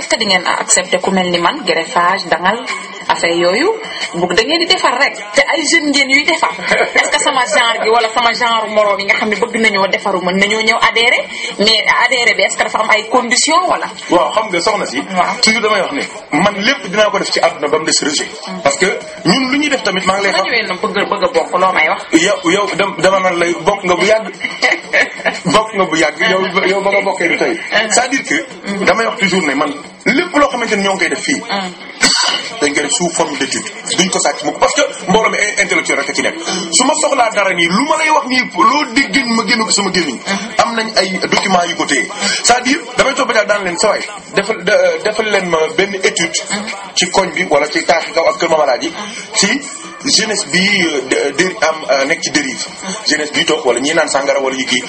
[laughs] sama genre gi wala sama genre moroom yi nga xam ne bëgg nañoo defaru man nañoo ñëw adhéré mais adhéré bi est-ce que dafa ay conditions wala. waaw xam nga soxna si. waaw toujours damay wax ne man lépp dinaa ko def ci àdduna ba mu des rejet. Mm. parce que ñun lu ñuy def tamit maa ngi lay. xam nga bëgg bëgg a bokk loo may wax. yow yow dama nan lay bokk nga bu yàgg [laughs] bokk nga bu yàgg yow yow ba nga bokkee du tey mm. c'est-à-dire que mm. damay wax toujours ne man lépp loo xamante ni ñoo ngi koy def fii. dañ nga def sous forme d'étude duñ ko sàcc mukk parce que mbooloo mi intellectuel rek a ci nekk su ma soxlaa dara nii lu ma lay wax nii loo dégg ma génn ko sama gémmiñ mm-hmm. am nañ ay documents yu ko téye c'est-à-dire damay toog ba daal daan leen sa waay defal defal leen ma benn étude mm-hmm. ci koñ bi wala ci taaxi kaw ak kër mamalaaj yi si mm-hmm. jeunesse bi euh, dé am euh, nekk ci dérive jeunesse bi toog wala ñi naan sàngara wala yi kii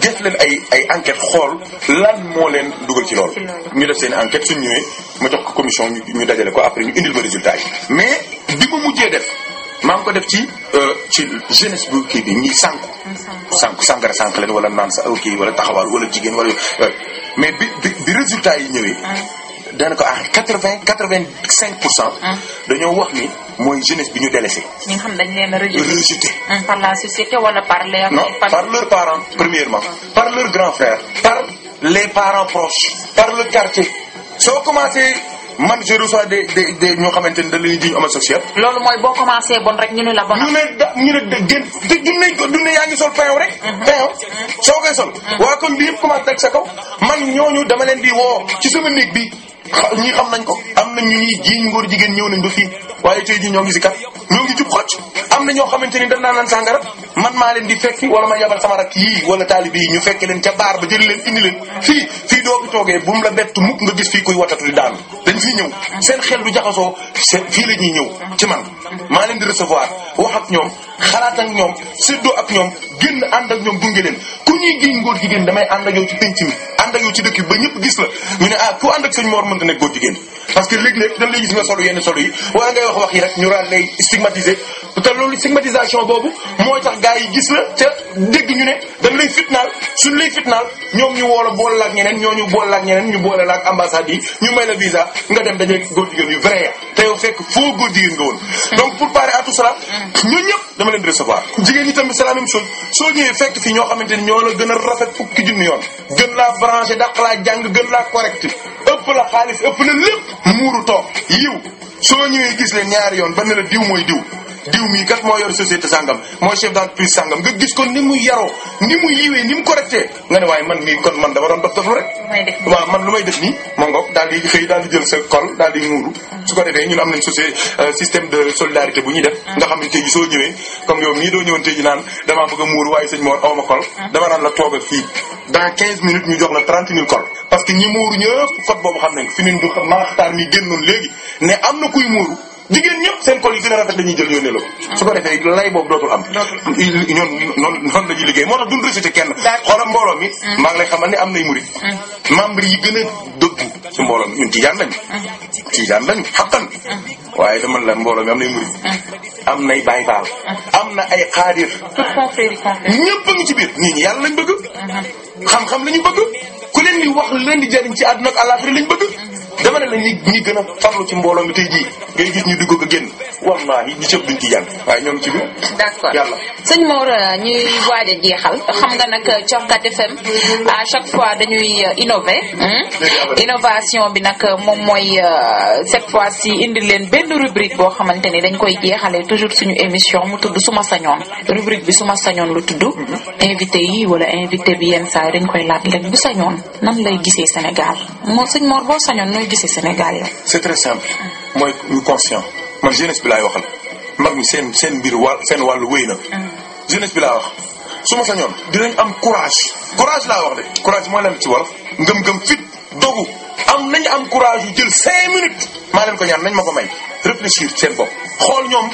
def leen ay ay enquête xool lan moo leen dugal ci loolu ñu def seen enquête suñ ñëwee ma jox ko commission ñu dajale ko après ñu indil ma résultat yi mais bi ma mujjee def maa ngi ko def ci euh, ci jeunesse bu kii bi ñi sànku sànku sàngara sànk leen wala naan sa kii wala taxawaal wala jigéen wala mais bi bi résultat yi ñëwee dana ko ah quatre vingt quatre vingt cinq pour cent. dañoo wax ni mooy jeunesse bi ñu délaissé. ñi xam dañ leen a rejeté. par la société wala par les. non premièrement. par leurs grands frères. par les parents proches. par le quartier. soo commencé man je reçois des des des xamante ni dañ leen di homosexuel. loolu mooy boo commencé bon rek ñu ne la bon. ñu ne da gën te dinañ ko dinañ yaa ngi sol peew rek. Mhm. peew mhm. soo koy sol. Mhm. waa comme bi yëpp commencé Ah, ñii xam nañ ko am na ñuy jiiñ ngóor jigéen ñëw nañ ba fii waaye tey jii ñoo ngi si kat ñoo ngi jub xocc am na ñoo xamante ni naa naan leen sàngara man maa leen di fekki wala ma yabal sama rak yii wala taalibe yi ñu fekk leen ca baar ba jël leen indi leen fii fii doo fi toogee bu mu la bett mukk nga gis fii koy watatu di daanu dañ fii ñëw seen xel du jaxasoo fii la ñuy ñëw ci man maa leen di recevoir wax ak ñoom xalaat ñoom séddoo ak ñoom génn ànd ak ñoom gunge leen ku ñuy giñ góor jigéen damay ànd ak yow ci penc mi ànd ak yow ci dëkk bi ba ñëpp gis la ñu ne ah ku ànd ak sëñ Mor mënta nekk góor jigéen parce que léeg-léeg dañ lay gis nga solo yenn solo yi wala ngay wax wax yi rek ñu raad lay stigmatiser te loolu stigmatisation boobu mooy tax gars yi gis la te dégg ñu ne dañ lay fitnaal suñ lay fitnaal ñoom ñu woola boole la ak ñeneen ñooñu boole la ak ñu boole la ak ambassade yi ñu may la visa nga dem dañuy góor jigéen yu vrai ya te yow fekk foo góor jigéen nga woon hmm. donc pour parer à tout cela hmm. ñun ñëpp dama leen ñi tamit c'est la même soo ñëwee fekk fi ñoo xamante ni ñoo la gën a rafet fukki junni yoon gën laa branché dàq laa jàng gën laa correct ëpp la xaalis ëpp la lépp muuru toog yiw soo ñëwee gis ñaari yoon ba ne la diw mooy diw diw mii kat moo yor société sangam mooy chef d'entreprise sangam nga gis ko ni mu yaroo ni mu yiwee ni mu correcté nga ne waaye man mii kon man dama doon dof dofu rek waaw man lu may def nii moo ngoog daal di xëy daal di jël sa kol daal di muuru mm-hmm. su ko defee euh, bu ñuy def mm-hmm. nga xam ne tey ji soo ñëwee comme yow mii doo ñëwoon tey ji naan damaa bëgg mm-hmm. ñu jox la trente mille kol parce que ñi muuru ñëpp code boobu xam nañ fi nin léegi ne am na kuy muuru jigéen ñëpp seen col yi gën a rafet dañuy jël ñoo ne la ah. su ko defee lay boobu dootul am ñoon noonu noonu liggéey moo tax duñ rejeté kenn xoolal mbooloo mi mm. maa ngi lay xamal ne am nay murid mm. membre yi gën a dëggu su mbooloo mi ñun tijaan lañu mm. tijaan lañu xaqan waaye dama la mbooloo mi am nay murid am nay baay baal am na ay xaadir ñëpp a ngi ci biir nit ñi yàlla lañ bëgg mm-hmm. xam-xam lañu bëgg ku leen di wax lu leen di jariñ ci àdduna ak àllaaxira lañ bëgg mm-hmm. dama ne la ñi ñi gën a farlu ci mbooloo mi tey jii ngay gis ñu dugg ak génn wallaahi ñu cëb duñ waaye ñoom ci biir. d'accord sëñ Mor euh, ñuy waaj a jeexal xam nga nag euh, Cokkat FM à chaque fois dañuy euh, innover. innovation bi nag moom mooy cette fois ci indi leen benn rubrique boo xamante ni dañ koy jeexalee toujours suñu émission mu tudd suma sañoon rubrique bi suma sañoon lu tudd mm-hmm. invité yi wala invité bi yenn saa yi dañ koy laat leen bu sañoon nan lay gisee Sénégal moo sëñ Mor gisee Sénégal yow. c'est très simple mooy ñu conscient man jeunesse bi laay waxal mag mi seen seen mbir wàll seen wàllu wéy na. Mm. jeunesse bi laa wax su ma sañoon dinañ am courage courage laa wax de courage mooy lan ci wolof ngëm-ngëm fit dogu am nañ am courage yu jël cinq minutes maa leen ko ñaan nañ ma ko may réfléchir seen bopp xool ñoom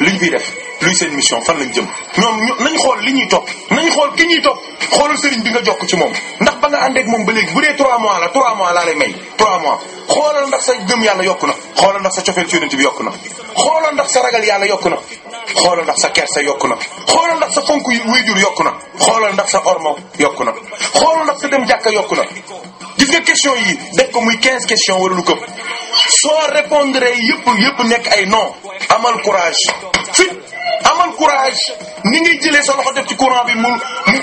liñ fiy def luy seen mission fan lañ jëm ñoom nañ xool li ñuy topp nañ xool ki ñuy topp xoolal sëriñ bi nga jokk ci moo mën a ànd ak moom ba léegi bu dee 3 mois la 3 mois laa may 3 mois xoolal ndax sa gëm yàlla yokk na xoolal ndax sa cofeel ci yonent bi yokk na xoolal ndax sa ragal yàlla yokk na xoolal ndax yokk na xoolal ndax sa fonk wéyjur yokk na xoolal ndax sa na xoolal ndax sa dem jàkka yokk na gis nga question yi def ko muy 15 question wala lu këpp soo répondre yëpp yëpp nekk ay non amal courage amal courage ni ngay jëlee sa loxo def ci courant bi mu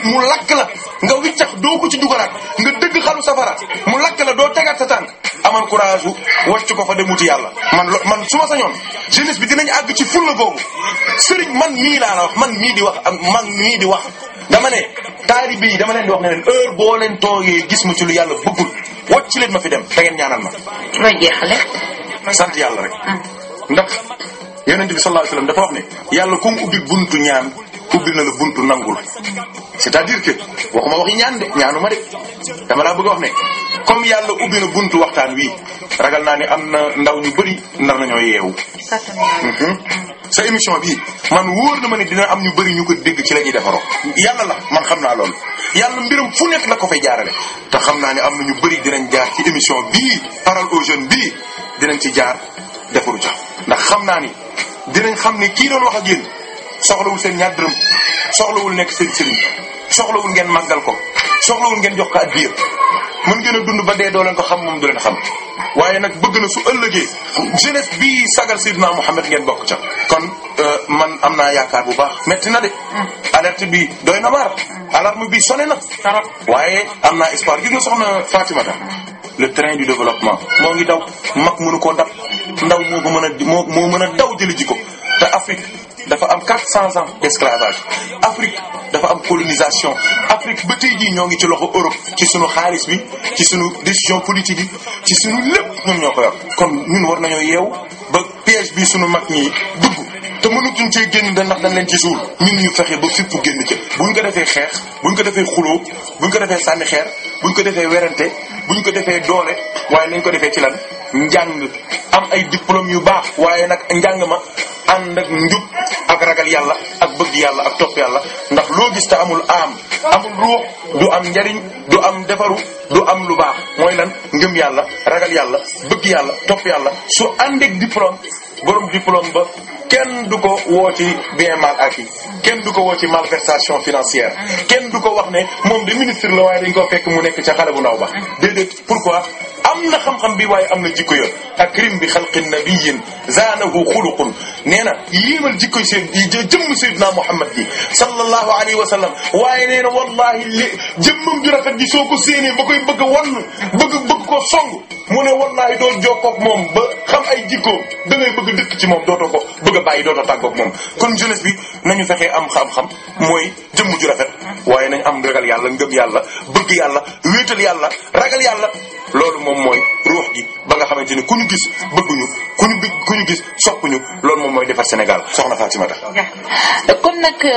mu lakk la nga wiccax doo ko ci dugalaat nga dëgg xalu safara mu lakk la doo tegaat sa tànk amal courage wu waccu ko fa demuti yàlla man man su ma sañoon jeunesse bi dinañ àgg ci fulla googu sëriñ man mii laa la wax man mii di wax ak man mii di wax dama ne taalibe bii dama leen di wax ne leen heure boo leen toogee gis mu ci lu yàlla bëggul wacc leen ma fi dem da ngeen ñaanal ma. looy jeexale. sant yàlla rek. Ah. yeneen bi sallallahu alayhi wasallam dafa wax ne yàlla ku ubbi buntu ñaan ubbi na la buntu nangul c'est-à-dire que waxuma waxi ñaan de ñaanuma de dama laa bëgg a wax ne comme yàlla ubbi na buntu waxtaan wi ragal naa ne am na ndaw ñu bëri nar nañoo yeewu. Mhm. sa émission bi man wóor na ne dina am ñu bëri ñu ko dégg ci la ñuy defaroo yàlla la man xam naa lool yàlla mbiram fu nekk la ko fay jaarale te xam naa ne am na ñu bëri dinañ jaar ci émission bii Parole aux jeune bii dinañ ci jaar. defaru ca ndax xam naa ni dinañ xam ni kii doon wax ak yéen soxlawul seen ñaar dërëm soxlawul nekk seen sëriñ soxlawul ngeen màggal ko wul ngeen jox ko ak biir mën ngeen a dund ba dee doo leen ko xam moom du leen xam waaye nag bëgg na su ëllëgee jeunesse bii sagal Seydina Muhammad ngeen bokk ca kon euh, man am naa yaakaar bu baax metti na de mm. alerte bi doy na waar mm. alarme bi sonné na tarap waaye am naa espoir gis nga soxna Fatimata mm. le train du développement moo ngi daw mag mënu koo dab ndaw moo ko mën a moo moo mën a daw jëli ji ko te Afrique dafa am 400 ans d'esclavage Afrique dafa am colonisation Afrique ba tey jii ñoo ngi ci loxo Europe ci suñu xaalis bi ci suñu décision politique bi ci suñu lépp ñun ñoo ko yor kon ñun war nañoo yeew ba piège bi sunu mag ñi dugg te mënutuñ cee génn da ndax dañ leen ci suul ñun ñu fexe ba fipp génn bu buñ ko defee xeex buñ ko defee xuloo ñu ko defee sànni xeer buñ ko defee werante buñ ko defee doole waaye nañ ko defee ci lan njàng am ay diplôme yu baax waaye nag njàng ma ànd ak njub ak ragal yàlla ak bëgg yàlla ak topp yàlla ndax loo gis te amul am amul ruux du am njariñ du am defaru du am lu baax mooy lan ngëm yàlla ragal yàlla bëgg yàlla topp yàlla su àndeeg diplôme borom diplôme ba kenn du ko woo ci bien mal acquis kenn du ko woo ci malversation financière mm. kenn du ko wax ne moom de ministre la waaye dañ ko fekk mu nekk ca xale bu ndaw ba mm. déedéet pourquoi am na xam-xam bi waaye am na jikko yo akrim bi xalqin nabiyyin zaanahu xuluqun nee na yéemal jikko seen jëmm sayyidina Muhammad bi sallallahu alayhi wa sallam waaye nee na wallahi li jëmmam ju rafet ji soo ko séenee ba koy bëgg a wann bëgg bëgg koo song mu ne wallaahi doo jokkoog moom ba xam ay jikkoom da ngay bëgg dëkk ci moom dootoo ko bëgg a bàyyi dootoo tàggoog moom. kon jeunesse bi nañu fexee am xam-xam mooy jëmm ju rafet waaye nañ am ragal yàlla ngëm yàlla bëgg yàlla wéetal yàlla ragal yàlla. loolu moom mooy ruux gi ba nga xamante ne ku ñu gis bëgguñu ku ñu ku ñu gis soppuñu loolu moom mooy defar Sénégal soxna Fatimata kon nag